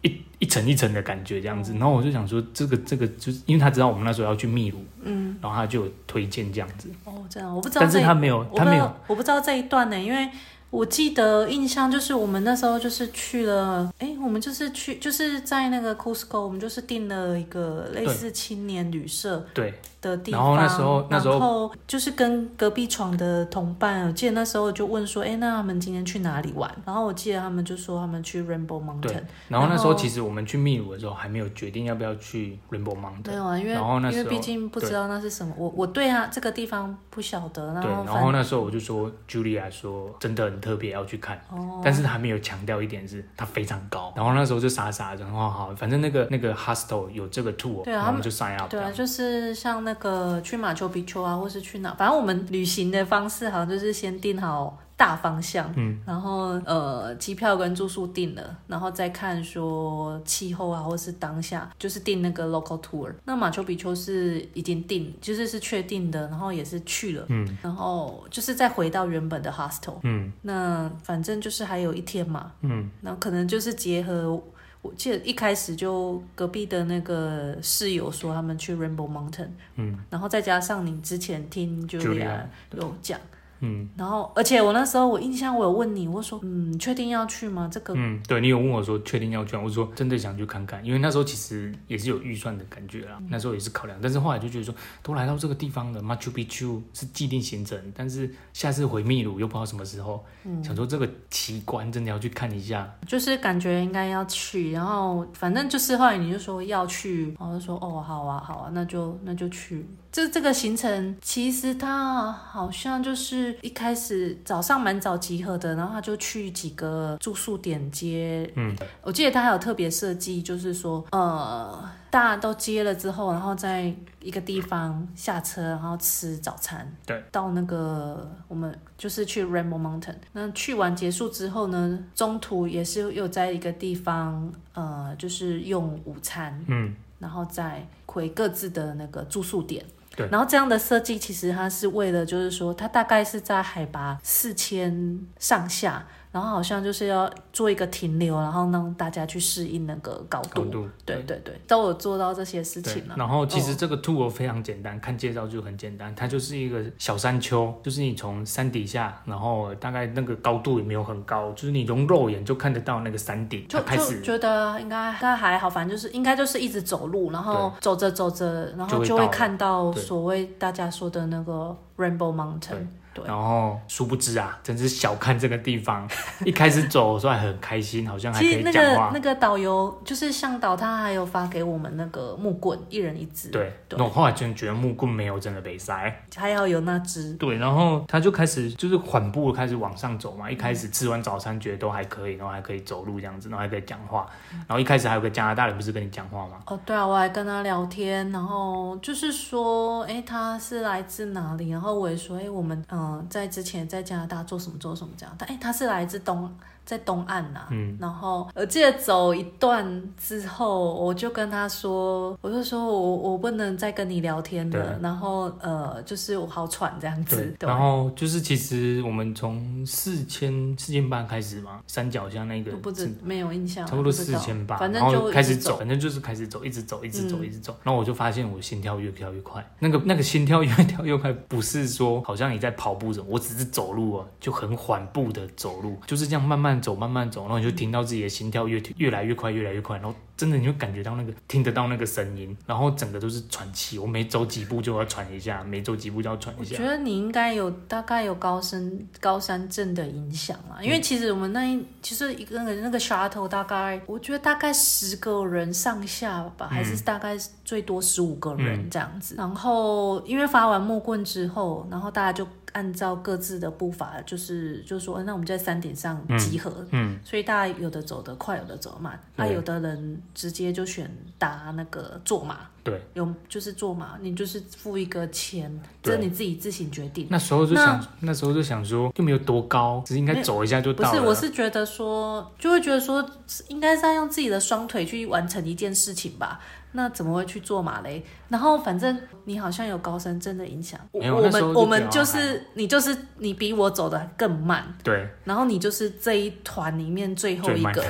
一一層一層的感覺這樣子。然後我就想說這個這個就是因為他知道我們那時候要去秘魯，嗯，然後他就有推薦這樣子。哦，這樣我不知道，但是他沒有，他沒有，我不知道這一段呢、欸，因為。”我記得印象就是我們那時候就是去了，哎，我們就是去就是在那個 Cusco，我們就是訂了一個類似青年旅社，對，對的地方，然後那時候那時候就是跟隔壁床的同伴，我記得那時候我就問說，哎、欸，那他們今天去哪裡玩？然後我記得他們就說他們去 Rainbow Mountain。然後那時候後其實我們去秘魯的時候還沒有決定要不要去 Rainbow Mountain。對，啊，因為因為畢竟不知道那是什麼，對我我對啊這個地方不曉得。對，然後那時候我就說 Julia 說真的很特別要去看，哦、但是還沒有強調一點是他非常高。然後那時候就傻傻的，然後好，反正那個那個 hostel 有這個 tour。對啊，然後我們就 sign up。對啊，就是像那個。那個去馬丘比丘啊，或是去哪？反正我們旅行的方式好像就是先定好大方向，嗯，然後呃機票跟住宿定了，然後再看說氣候啊，或是當下就是定那個 local tour。那馬丘比丘是已經定，就是是確定的，然後也是去了，嗯，然後就是再回到原本的 hostel，嗯，那反正就是還有一天嘛，嗯，然後可能就是結合。我記得一開始就隔壁的那個室友說他們去 Rainbow Mountain，嗯，然後再加上你之前聽 Julia, Julia 有講。嗯，然後，而且我那時候我印象我有問你，我說，嗯，確定要去嗎？這個，嗯，對你有問我說確定要去嗎，我說真的想去看看，因為那時候其實也是有預算的感覺啦，嗯、那時候也是考量，但是後來就覺得說，都來到這個地方了，Machu Picchu 是既定行程，但是下次回秘魯又不知道什麼時候，嗯、想說這個奇觀真的要去看一下，就是感覺應該要去，然後反正就是後來你就說要去，然後就說哦，好啊，好啊，那就那就去。就這個行程其實他好像就是一開始早上蠻早集合的，然後他就去幾個住宿點接。嗯，我記得他還有特別設計，就是說呃，大家都接了之後，然後在一個地方下車，然後吃早餐。對，到那個我們就是去 Rainbow Mountain。那去完結束之後呢，中途也是又在一個地方呃，就是用午餐。嗯，然後再回各自的那個住宿點。對然後這樣的設計，其實它是為了，就是說，它大概是在海拔四千上下。然後好像就是要做一個停留，然後讓大家去適應那個高度。高度對對對，對都有做到這些事情了。然後其實這個 tour 非常簡單，哦，看介紹就很簡單，它就是一個小山丘，就是你從山底下，然後大概那個高度也沒有很高，就是你用肉眼就看得到那個山頂。開始就就覺得應該應該還好，反正就是應該就是一直走路，然後走着走着，然後就會看到所謂大家說的那個 Rainbow Mountain。對然後殊不知啊，真是小看這個地方。一開始走的時候還很開心，好像還可以講話。那個那個導遊就是向導，他還有發給我們那個木棍，一人一支。對，那我對後，後來真覺得木棍沒有真的被塞。還好有那只。對，然後他就開始就是緩步開始往上走嘛。一開始吃完早餐覺得都還可以，然後還可以走路這樣子，然後還可以講話。然後一開始還有個加拿大人不是跟你講話嗎？哦，對啊，我還跟他聊天，然後就是說，哎，他是來自哪裡？然後我也說，哎，我們嗯。嗯，在之前在加拿大做什麼做什麼這樣，但哎，他、欸、是來自東。在東岸吶、啊，嗯、然後我記得走一段之後，我就跟他說，我就說我我不能再跟你聊天了，對然後呃，就是我好喘這樣子。對對然後就是其實我們從四千四千八開始嘛，山腳下那個不知，沒有印象，差不多四千八，反正就開始走，反正就是開始走，一直走，一直走，一直走。然後我就發現我心跳越跳越快，那個那個心跳越跳越快，不是說好像你在跑步什麼，我只是走路啊，就很緩步的走路，就是這樣慢慢。走慢慢走，然後你就聽到自己的心跳越、嗯、越來越快，越來越快，然後真的你就感覺到那個聽得到那個聲音，然後整個都是喘氣，我每走幾步就要喘一下，每走幾步就要喘一下。我覺得你應該有大概有高山高山症的影響啦，因為其實我們那一、嗯、其實一個那個 shuttle 大概，我覺得大概十個人上下吧，嗯、還是大概最多十五個人、嗯、這樣子。然後因為發完木棍之後，然後大家就。按照各自的步伐，就是就說，那我們在山頂上集合。嗯，嗯所以大家有的走得快，有的走的慢。那對、啊、有的人直接就選搭那個坐馬。對，有就是坐馬，你就是付一個錢，對這是你自己自行決定。那時候就想，那,那時候就想說，又沒有多高，只是應該走一下就到了。不是，我是覺得說，就會覺得說，應該是要用自己的雙腿去完成一件事情吧。那怎麼會去做馬雷？然後反正你好像有高山症的影響、欸。我們我們就是你就是你比我走得更慢。對。然後你就是這一團裡面最後一個，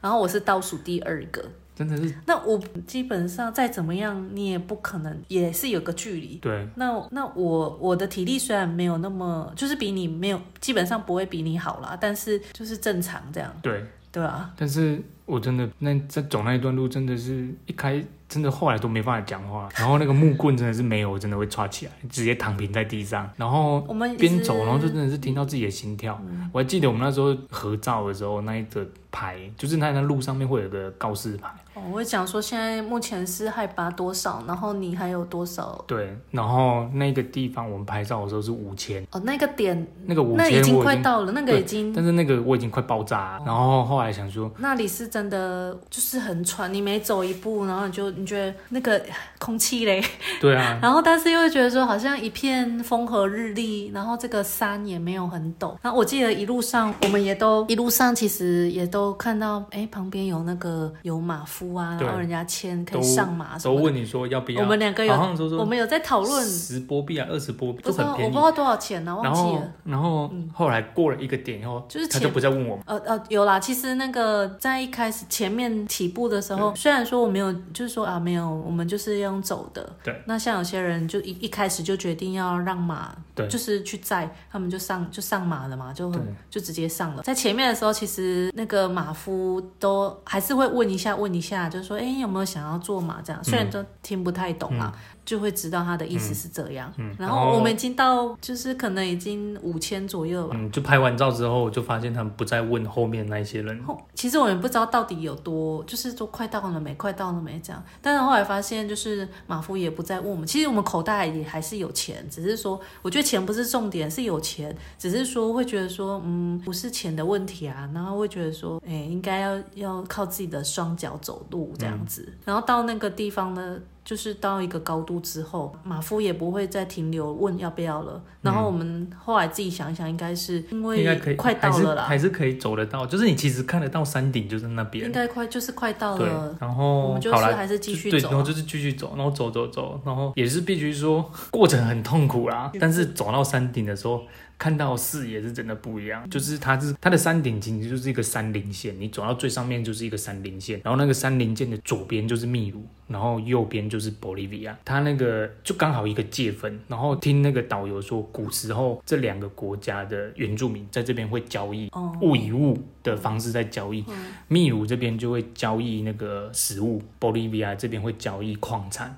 然後我是倒數第二個。真的是。那我基本上再怎麼樣，你也不可能也是有個距離。對。那那我我的體力雖然沒有那麼，就是比你沒有，基本上不會比你好啦。但是就是正常這樣。對對啊，但是。我真的那在走那一段路，真的是一開，真的後來都沒法講話。然後那個木棍真的是沒有，我真的會抓起來，直接躺平在地上。然後我們邊走，然後就真的是聽到自己的心跳。我還記得我們那時候合照的時候，那一個牌，就是那那路上面會有個告示牌。哦，我會講說現在目前是海拔多少，然後你還有多少？對，然後那個地方我們拍照的時候是五千。哦，那個點那個五千，那已經快到了，那個已經。但是那個我已經快爆炸。然後後來想說，那裡是。真的就是很喘，你每走一步，然後你就你覺得那個空氣嘞，對啊，然後但是又會覺得說好像一片風和日麗，然後這個山也沒有很陡。那我記得一路上我們也都一路上其實也都看到，哎、欸，旁邊有那個有馬夫啊，對然後人家牽可以上馬都，都問你說要不要？我們兩個有，說說我們有在討論十波幣啊，二十波幣，不知道、啊、我不知道多少錢呢、啊，忘記了，然後，然後後來過了一個點以後，就是他就不再問我們。呃呃，有啦，其實那個在一開。前面起步的時候，對雖然說我沒有，就是說啊，沒有，我們就是用走的。對。那像有些人就一一開始就決定要讓馬，對，就是去載，他們就上就上馬了嘛，就對就直接上了。在前面的時候，其實那個馬夫都還是會問一下問一下，就是說，哎、欸，有沒有想要坐馬這樣？雖然都聽不太懂啊。嗯嗯就會知道他的意思是這樣，嗯嗯、然後我們已經到，就是可能已經五千左右吧。嗯，就拍完照之後，我就發現他們不再問後面那些人。其實我們不知道到底有多，就是說快到了沒？快到了沒？這樣。但是後來發現，就是馬夫也不再問我們。其實我們口袋也還是有錢，只是說，我覺得錢不是重點，是有錢，只是說會覺得說，嗯，不是錢的問題啊。然後會覺得說，哎、欸，應該要要靠自己的雙腳走路這樣子。嗯、然後到那個地方呢？就是到一個高度之後，馬夫也不會再停留問要不要了。嗯、然後我們後來自己想想，應該是因為應該可以快到了啦，還還是可以走得到。就是你其實看得到山頂就在那邊，應該快就是快到了。然後我們就是還是繼續走，啊對，然後就是繼續走，然後走走走，然後也是必須說過程很痛苦啦，但是走到山頂的時候，看到視野是真的不一樣，就是它是它的山頂其實就是一個山稜線。你走到最上面就是一個山稜線，然後那個山稜線的左邊就是秘魯，然後右邊就是 bolivia。它那個就剛好一個界分。然後聽那個導遊說，古時候這兩個國家的原住民在這邊會交易，物以物的方式在交易，秘魯這邊就會交易那個食物，bolivia 這邊會交易礦產。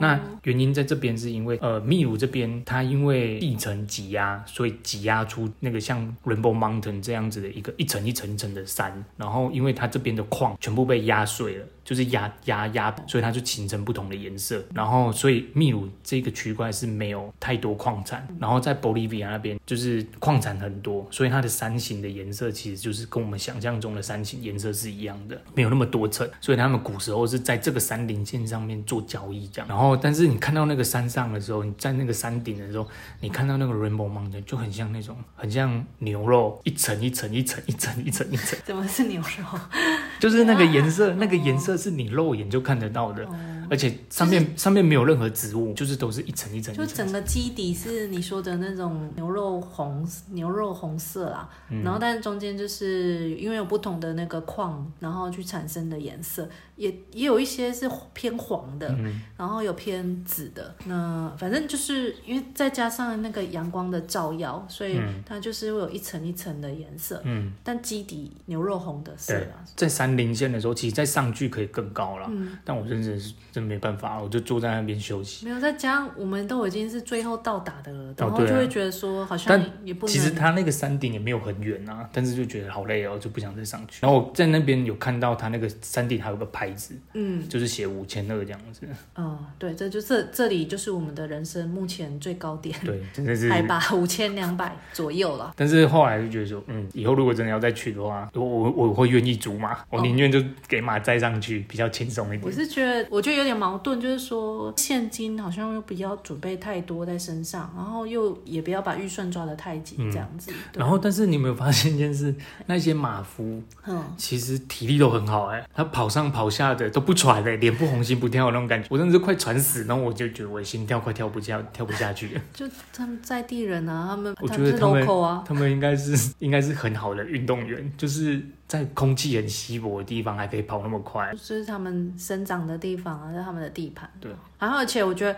那原因在這邊是因為呃秘魯這邊它因為地層擠壓，所以擠壓出那個像 Rainbow Mountain 這樣子的一個一層一層一層的山，然後因為它這邊的礦全部被壓碎了。就是壓壓壓，所以它就形成不同的顏色。然後，所以祕魯這個區塊是沒有太多礦產。然後在 Bolivia 那邊，就是礦產很多，所以它的山形的顏色其實就是跟我們想象中的山形顏色是一樣的，沒有那麼多層。所以他們古時候是在這個山頂線上面做交易，這樣。然後，但是你看到那個山上的時候，你在那個山頂的時候，你看到那個 Rainbow Mountain，就很像那種，很像牛肉一層一層一層一層一層一層。怎麼是牛肉？ 就是那個顏色，那個顏色。啊這是你肉眼就看得到的。嗯而且上面、就是、上面沒有任何植物，就是都是一層一層。就整個基底是你說的那種牛肉紅牛肉紅色啦，嗯、然後但中間就是因為有不同的那個礦，然後去產生的顏色，也也有一些是偏黃的，嗯、然後有偏紫的。那反正就是因為再加上那個陽光的照耀，所以它就是會有一層一層的顏色。嗯，但基底牛肉紅的色。在山林線的時候，其實再上去可以更高了。嗯、但我認真的是。沒辦法，我就坐在那邊休息。沒有再加上，我們都已經是最後到達的了，然後就會覺得說好像也不。哦啊、但其實他那個山頂也沒有很遠啊，但是就覺得好累哦，就不想再上去。然後我在那邊有看到他那個山頂還有個牌子，嗯，就是寫五千二這樣子。哦，對，這就這、是、這裡就是我們的人生目前最高點。對，真、就、的是海拔五千兩百左右了。 但是後來就覺得說，嗯，以後如果真的要再去的話，我我我會願意租馬，我寧願就給馬載上去，哦、比較輕鬆一點。我是覺得，我覺得有點。矛盾，就是說，現金好像又不要準備太多在身上，然後又也不要把預算抓得太緊、嗯、這樣子。然後，但是你有沒有發現一件事？那些馬夫，嗯，其實體力都很好，哎，他跑上跑下的都不喘，哎，臉不紅心不跳那種感覺，我真的是快喘死，然後我就覺得我心跳快跳不下，跳不下去了。就他們在地人啊，他們、他們我覺得他們，他們是 local 啊、他們應該是應該是很好的運動員，就是。在空氣很稀薄的地方還可以跑那麼快，這是它們生長的地方，啊，是它們的地盤。對。然後、啊，而且我覺得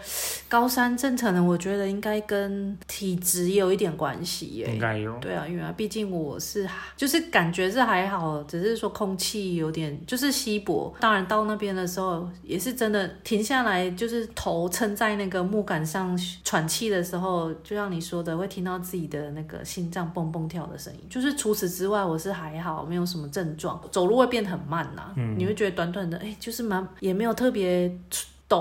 高山症可能，我覺得應該跟體質有一點關係耶、欸。應該有。對啊，因為畢竟我是，就是感覺是還好，只是說空氣有點就是稀薄。當然到那邊的時候，也是真的停下來，就是頭撐在那個木桿上喘氣的時候，就像你說的，會聽到自己的那個心臟蹦蹦跳的聲音。就是除此之外，我是還好，沒有什麼症狀。走路會變很慢吶、啊，嗯、你會覺得短短的，哎、欸，就是蠻也沒有特別。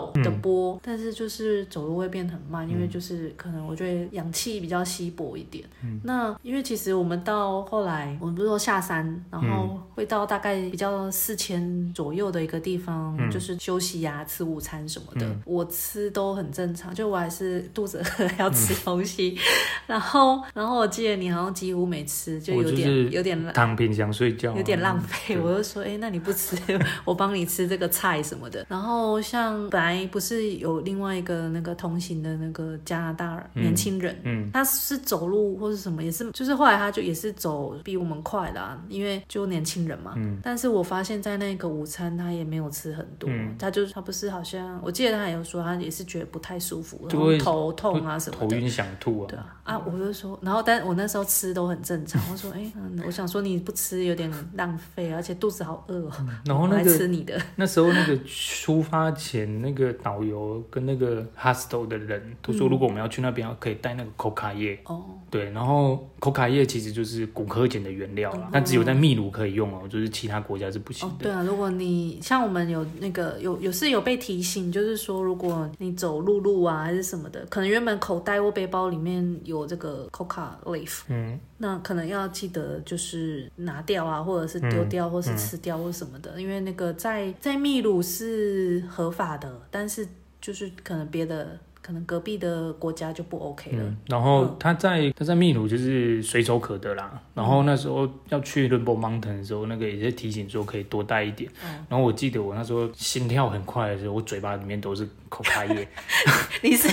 走、嗯、的波，但是就是走路會變很慢，嗯、因為就是可能我覺得氧氣比較稀薄一點。嗯,那因為其實我們到後來，我們不是說下山，然後會到大概比較四千左右的一個地方，嗯、就是休息呀、啊、吃午餐什麼的，嗯、我吃都很正常，就我還是肚子餓要吃東西。嗯、然後，然後我記得你好像幾乎沒吃，就有點、就是、有點躺冰箱睡覺、啊，有點浪費。對我就說，哎、欸，那你不吃， 我幫你吃這個菜什麼的。然後像本來。來不是有另外一個那個同行的那個加拿大人、嗯、年輕人，嗯，他是走路或是什麼也是，就是後來他就也是走比我們快啦、啊，因為就年輕人嘛，嗯、但是我發現在那個午餐他也沒有吃很多，嗯、他就是他不是好像我記得他有說他也是覺得不太舒服，就會然後頭痛啊什麼頭，頭暈想吐啊，對啊，啊我就說，然後但我那時候吃都很正常， 我說哎，我想說你不吃有點浪費，而且肚子好餓哦，然後、那個、來吃你的。那時候那個出發前那個。那個導遊跟那個 hostel 的人都說，如果我們要去那邊，可以帶那個可卡葉。哦、嗯，對，然後可卡葉其實就是古柯鹼的原料啦，嗯、但只有在秘魯可以用哦、喔，就是其他國家是不行的。嗯哦、對啊，如果你像我們有那個有有是有，有被提醒，就是說如果你走陸路，路啊還是什麼的，可能原本口袋或背包裡面有這個可卡 leaf。嗯。那可能要記得就是拿掉啊，或者是丟掉，嗯、或是吃掉或什麼的，嗯、因為那個在在秘魯是合法的，但是就是可能別的。可能隔壁的國家就不 OK 了。嗯、然後他在、嗯、他在秘魯就是隨手可得啦。然後那時候要去 Rainbow、um、Mountain 的時候，那個也在提醒說可以多帶一點。嗯、然後我記得我那時候心跳很快的時候，我嘴巴裡面都是古柯葉。 你是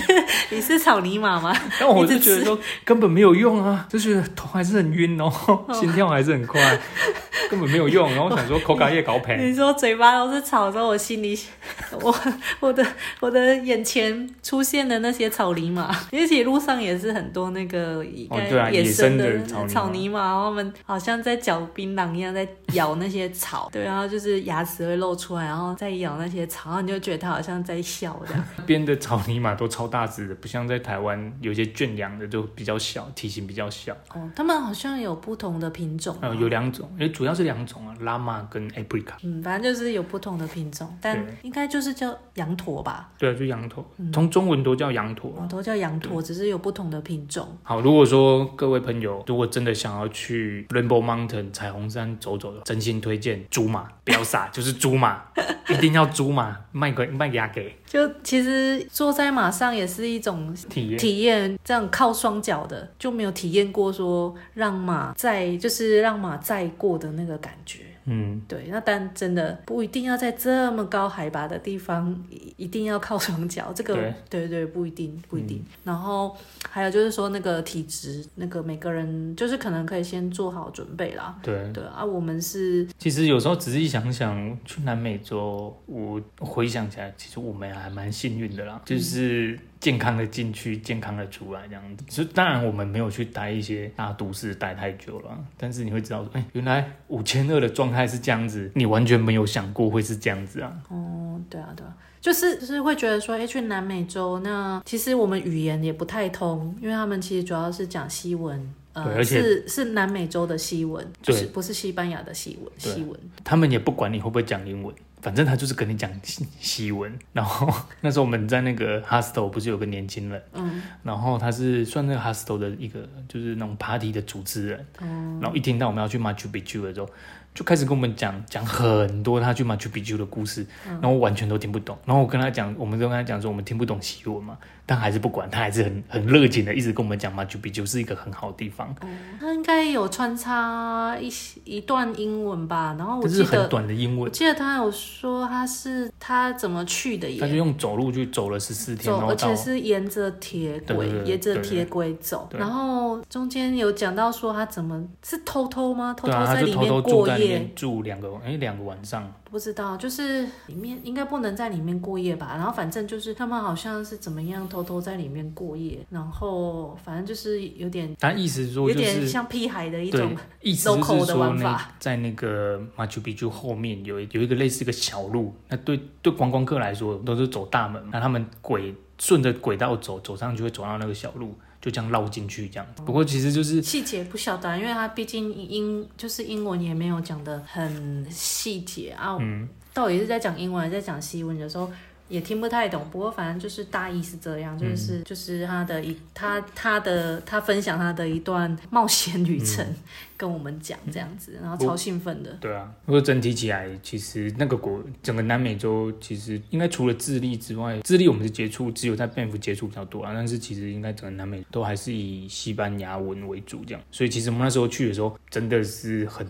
你是草泥馬嗎？然後我就覺得說根本沒有用啊，就覺得頭還是很暈哦、喔，oh. 心跳還是很快，根本沒有用。然後我想說古柯葉搞噴。你說嘴巴都是草的時候，我心裡我我的我的眼前出現。變的那些草泥馬，而且路上也是很多那個野野生的草泥馬，然後他們好像在嚼檳榔一樣，在咬那些草。 對，然後就是牙齒會露出來，然後再咬那些草，然後你就覺得它好像在笑這樣。邊的草泥馬都超大隻的，不像在台灣有些圈養的就比較小，體型比較小。哦，他們好像有不同的品種？嗯。有有兩種，因為主要是兩種啊，拉瑪跟 Aprica。嗯，反正就是有不同的品種，但應該就是叫羊駝吧？對啊，就羊駝，從中文讀。都叫羊駝，羊，哦，都叫羊駝，對只是有不同的品種。好，如果說各位朋友如果真的想要去 Rainbow Mountain 彩虹山走走的，真心推薦，租馬，不要傻， 就是租馬， 一定要租馬，賣給賣給他給。就其實坐在馬上也是一種體驗，體驗驗這樣靠雙腳的，就沒有體驗過說讓馬載，就是讓馬載過的那個感覺。嗯，對，那但真的不一定要在這麼高海拔的地方，一定要靠雙腳，這個對，對對對，不一定不一定。一定。嗯，然後還有就是說那個體質，那個每個人就是可能可以先做好準備啦。對對啊，我們是其實有時候只是一想想去南美洲，我回想起來，其實我們還蠻幸運的啦，嗯，就是。健康的進去，健康的出來，這樣子。就當然我們沒有去待一些大都市待太久了，啊，但是你會知道說、欸，原來五千二的狀態是這樣子，你完全沒有想過會是這樣子啊。哦、嗯，對啊，對啊，就是就是會覺得說、欸，去南美洲，那其實我們語言也不太通，因為他們其實主要是講西文，呃，而且是是南美洲的西文，就是不是西班牙的西文，對西文、啊。他們也不管你會不會講英文。反正他就是跟你講西文，然後那時候我們在那個 hostel 不是有個年輕人，嗯、然後他是算那個 hostel 的一個就是那種 party 的主持人，嗯、然後一聽到我們要去 Machu Picchu 的時候，就開始跟我們講講很多他去 Machu Picchu 的故事，嗯、然後我完全都聽不懂，然後我跟他講，我們都跟他講說我們聽不懂西文嘛。他還是不管，他還是很很熱情的，一直跟我們講馬丘比丘是一個很好的地方。嗯，他應該有穿插一一段英文吧，然後我記得是很短的英文，我記得他有說他是他怎麼去的，他就用走路就走了十四天，然後而且是沿着鐵軌，對對對沿着鐵軌走，對對對然後中間有講到說他怎麼是偷偷嗎？偷偷在裡面過夜偷偷住兩個哎兩個晚上。不知道，就是裡面應該不能在裡面過夜吧。然後反正就是他們好像是怎麼樣偷偷在裡面過夜，然後反正就是有點，他意思是說、就是、有點像屁孩的一種對、no、意思說。c a 的玩法。那在那個馬丘比丘後面有有一個類似個小路，那對對觀光客來說都是走大門，那他們軌順着軌道走走上去就會走到那個小路。就這樣繞進去，這樣。不過其實就是細節、嗯、不曉得、啊，因為他畢竟英就是英文也沒有講得很細節、嗯、啊。嗯，到底是在講英文還是在講西文有時候？就是也聽不太懂，不過反正就是大意是這樣，就是就是他的一他他的他分享他的一段冒險旅程，跟我們講這樣子，然後超興奮的。對啊，不過整體起來，其實那個國整個南美洲，其實應該除了智利之外，智利我們是接觸，只有在秘魯接觸比較多啊。但是其實應該整個南美都還是以西班牙文為主這樣，所以其實我們那時候去的時候真的是很。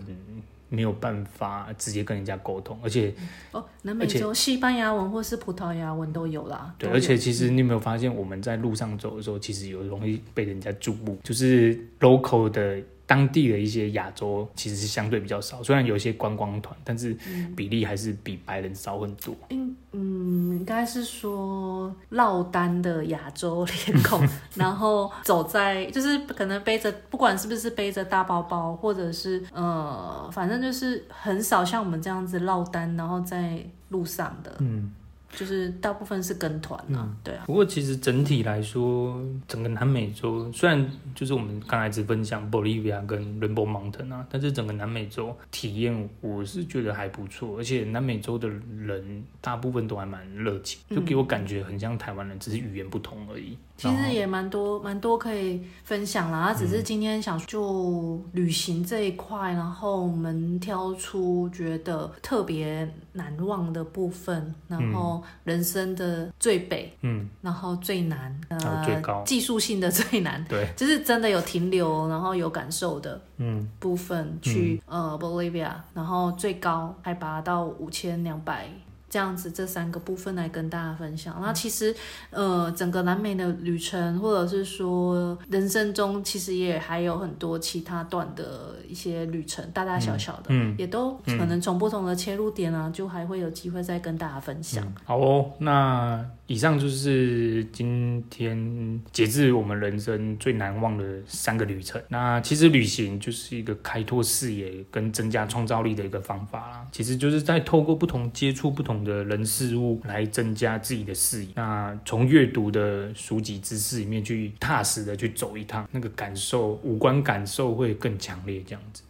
沒有辦法直接跟人家溝通，而且、嗯、哦，南美洲且西班牙文或是葡萄牙文都有啦。對，有而且其實你有沒有發現，我們在路上走的時候，嗯、其實有容易被人家注目，就是 local 的。當地的一些亞洲其實相對比較少，雖然有一些觀光團，但是比例還是比白人少很多。嗯，嗯，應該是說落單的亞洲面孔， 然後走在就是可能背着，不管是不是背着大包包，或者是呃，反正就是很少像我們這樣子落單，然後在路上的。嗯。就是大部分是跟團嘛，啊，對啊。 不過其實整體來說，整個南美洲，雖然就是我們剛才只分享玻利維亞跟 Rainbow Mountain 啊，但是整個南美洲體驗，我是覺得還不錯。而且南美洲的人大部分都還蠻熱情，就給我感覺很像台灣人，只是語言不同而已。嗯 其實也蠻多，蠻多可以分享啦。只是今天想就旅行這一塊，然後我們挑出覺得特別難忘的部分，然後人生的最北，嗯，然後最南，最高，呃，技術性的最難，對，就是真的有停留，然後有感受的嗯，嗯，部分去呃 Bolivia，然後最高海拔到五千兩百。這樣子，這三個部分來跟大家分享。那其實，呃，整個南美的旅程，或者是說人生中，其實也還有很多其他段的一些旅程，大大小小的，嗯，也都可能從不同的切入點啊，嗯，就還會有機會再跟大家分享。嗯，好哦，那。以上就是今天截至我們人生最難忘的三個旅程。那其實旅行就是一個開拓視野跟增加創造力的一個方法啦。其實就是在透過不同接觸不同的人事物來增加自己的視野。那從閱讀的書籍知識裡面去踏實的去走一趟，那個感受，五官感受會更強烈這樣子。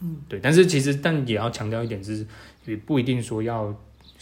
嗯，對。但是其實，但也要強調一點是，也不一定說要，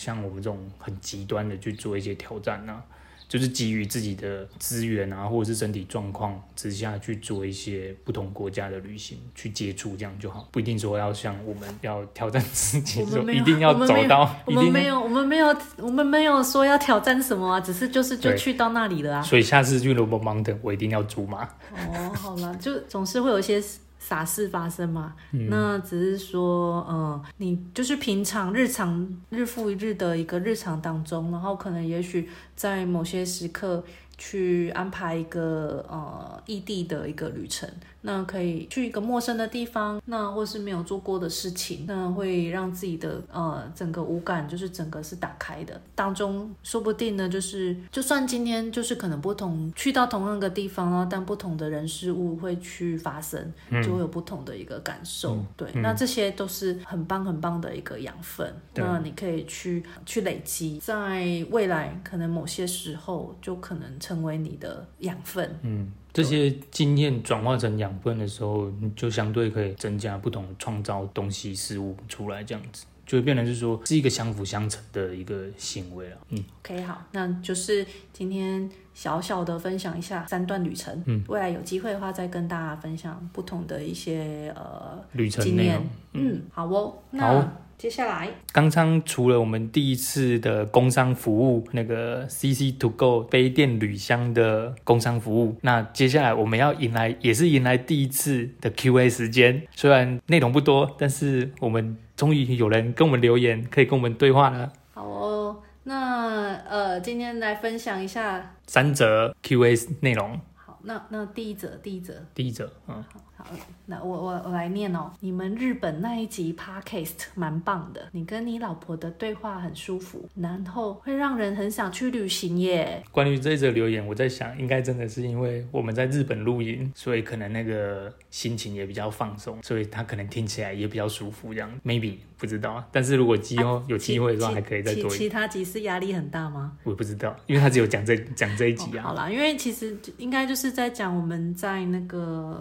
像我們這種很極端的去做一些挑戰呢、啊，就是基於自己的資源啊，或者是身體狀況之下去做一些不同國家的旅行，去接觸這樣就好，不一定說要像我們要挑戰自己，一定要走到。我們沒有，我們沒有，我們沒有說要挑戰什麼，啊，只是就是就去到那裡了啊。所以下次去羅伯芒的，我一定要租嘛。哦、oh，好了，就總是會有一些。傻事發生嘛，嗯，那只是說，嗯，你就是平常日常日復一日的一個日常當中，然後可能也許在某些時刻。去安排一個呃異地的一個旅程，那可以去一個陌生的地方，那或是沒有做過的事情，那會讓自己的呃整個五感就是整個是打開的。當中說不定呢，就是就算今天就是可能不同去到同樣的地方啊，但不同的人事物會去發生，就會有不同的一個感受。嗯、對，嗯、那這些都是很棒很棒的一個養分。對那你可以去去累積，在未來可能某些時候就可能成。成為你的養分，嗯，這些經驗轉化成養分的時候，對你就相對可以增加不同創造東西事物出來，這樣子就會變成是說是一個相輔相成的一個行為了。嗯，OK，好，那就是今天小小的分享一下三段旅程，嗯，未來有機會的話再跟大家分享不同的一些呃旅程經驗。嗯，好哦，那。好哦接下來，剛剛除了我們第一次的工商服務，那個 C C To Go 杯電旅箱的工商服務，那接下來我們要迎來，也是迎來第一次的 Q A 時間。雖然內容不多，但是我們終於有人跟我們留言，可以跟我們對話了。好哦，那呃，今天來分享一下三則 Q A 內容。好，那那第一則，第一則，第一則，嗯、哦。好那我我我來念哦，你們日本那一集 podcast 蠻棒的，你跟你老婆的對話很舒服，然後會讓人很想去旅行耶。關於這則留言，我在想，應該真的是因為我們在日本錄音，所以可能那個心情也比較放鬆，所以他可能聽起來也比較舒服這樣。Maybe 不知道啊，但是如果今後有機會的話，還可以再多一、啊其其。其他集是壓力很大嗎？我不知道，因為他只有講這講這一集啊、哦。好啦，因為其實應該就是在講我們在那個。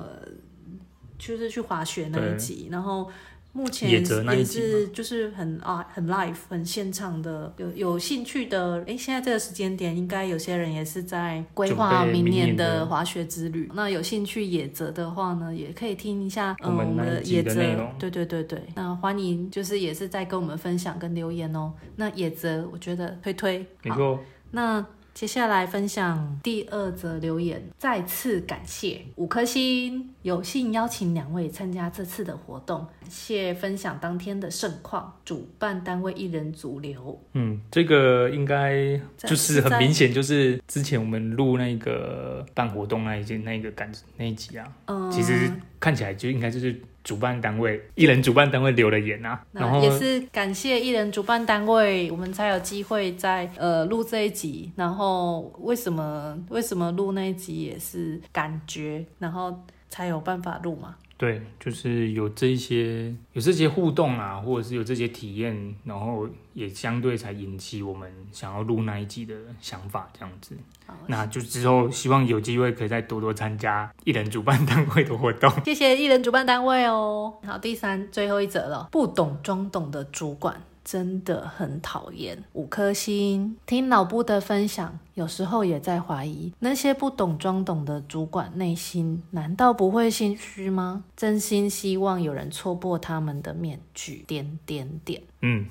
就是去滑雪那一集，對然後目前也是就是很，就是很啊很 live 很現場的，有有興趣的哎，現在這個時間點，應該有些人也是在規劃明年的滑雪之旅。那有興趣野澤的話呢，也可以聽一下嗯我們的、嗯、野澤、嗯，對對對對，那歡迎就是也是在跟我們分享跟留言哦。那野澤，我覺得推推，過好，那。接下來分享第二則留言，再次感謝五顆星，有幸邀請兩位參加這次的活動，感謝分享當天的盛況。主辦單位一人主留，嗯，這個應該就是很明顯，就是之前我們錄那個辦活動那一件那個感那一集啊，嗯，其實看起來就應該就是。主辦單位，藝人主辦單位留了言啊，然後那也是感謝藝人主辦單位，我們才有機會再呃錄這一集。然後為什麼為什麼錄那一集也是感覺，然後才有辦法錄嘛。對，就是有這些有這些互動啊，或者是有這些體驗，然後也相對才引起我們想要錄那一集的想法，這樣子。好耶，那就之後希望有機會可以再多多參加藝人主辦單位的活動，謝謝藝人主辦單位哦。好，第三最後一則了，不懂裝懂的主管。真的很討厭五顆星，聽老布的分享，有時候也在懷疑那些不懂裝懂的主管內心，內心難道不會心虛嗎？真心希望有人戳破他們的面具。點點點，嗯，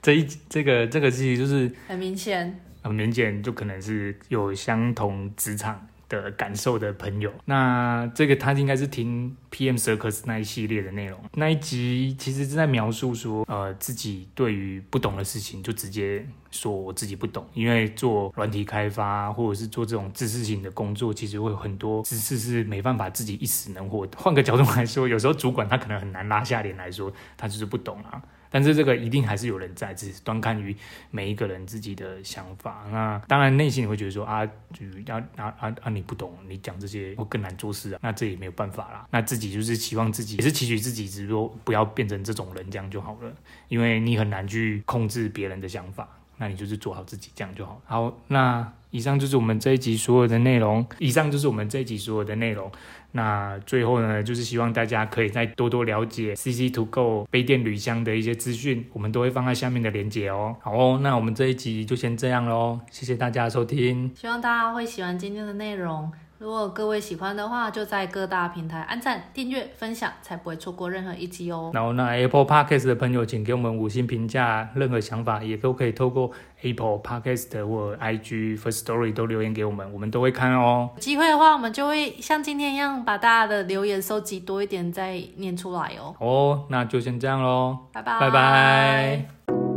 這一這個這個事情就是很明顯，很明顯，就可能是有相同職場。的感受的朋友，那這個他應該是聽 PM circus 那一系列的內容，那一集其實正在描述說，呃，自己對於不懂的事情就直接說我自己不懂，因為做軟體開發或者是做這種知識型的工作，其實會有很多知識是沒辦法自己一時能獲得。換個角度來說，有時候主管他可能很難拉下臉來說他就是不懂啊。但是這個一定還是有人在，只是端看於每一個人自己的想法。那當然內心你會覺得說啊，啊啊啊，啊，你不懂，你講這些我更難做事啊。那這也沒有辦法啦。那自己就是希望自己也是期許自己，只是說不要變成這種人，這樣就好了。因為你很難去控制別人的想法，那你就是做好自己這樣就好。好，那。以上就是我們這一集所有的內容。以上就是我們這一集所有的內容。那最後呢，就是希望大家可以再多多了解 cctogo 杯電旅箱的一些資訊，我們都會放在下面的鏈接哦。好哦，那我們這一集就先這樣嘍。謝謝大家的收聽，希望大家會喜歡今天的內容。如果各位喜歡的話，就在各大平台按贊、訂閱、分享，才不會錯過任何一集哦。然後，那 Apple Podcast 的朋友，請給我們五星評價，任何想法也都可以透過 Apple Podcast 或 IG Firstory 都留言給我們，我們都會看哦。有機會的話，我們就會像今天一樣，把大家的留言收集多一點，再念出來哦。好、哦，那就先這樣嘍，拜拜拜拜。拜拜。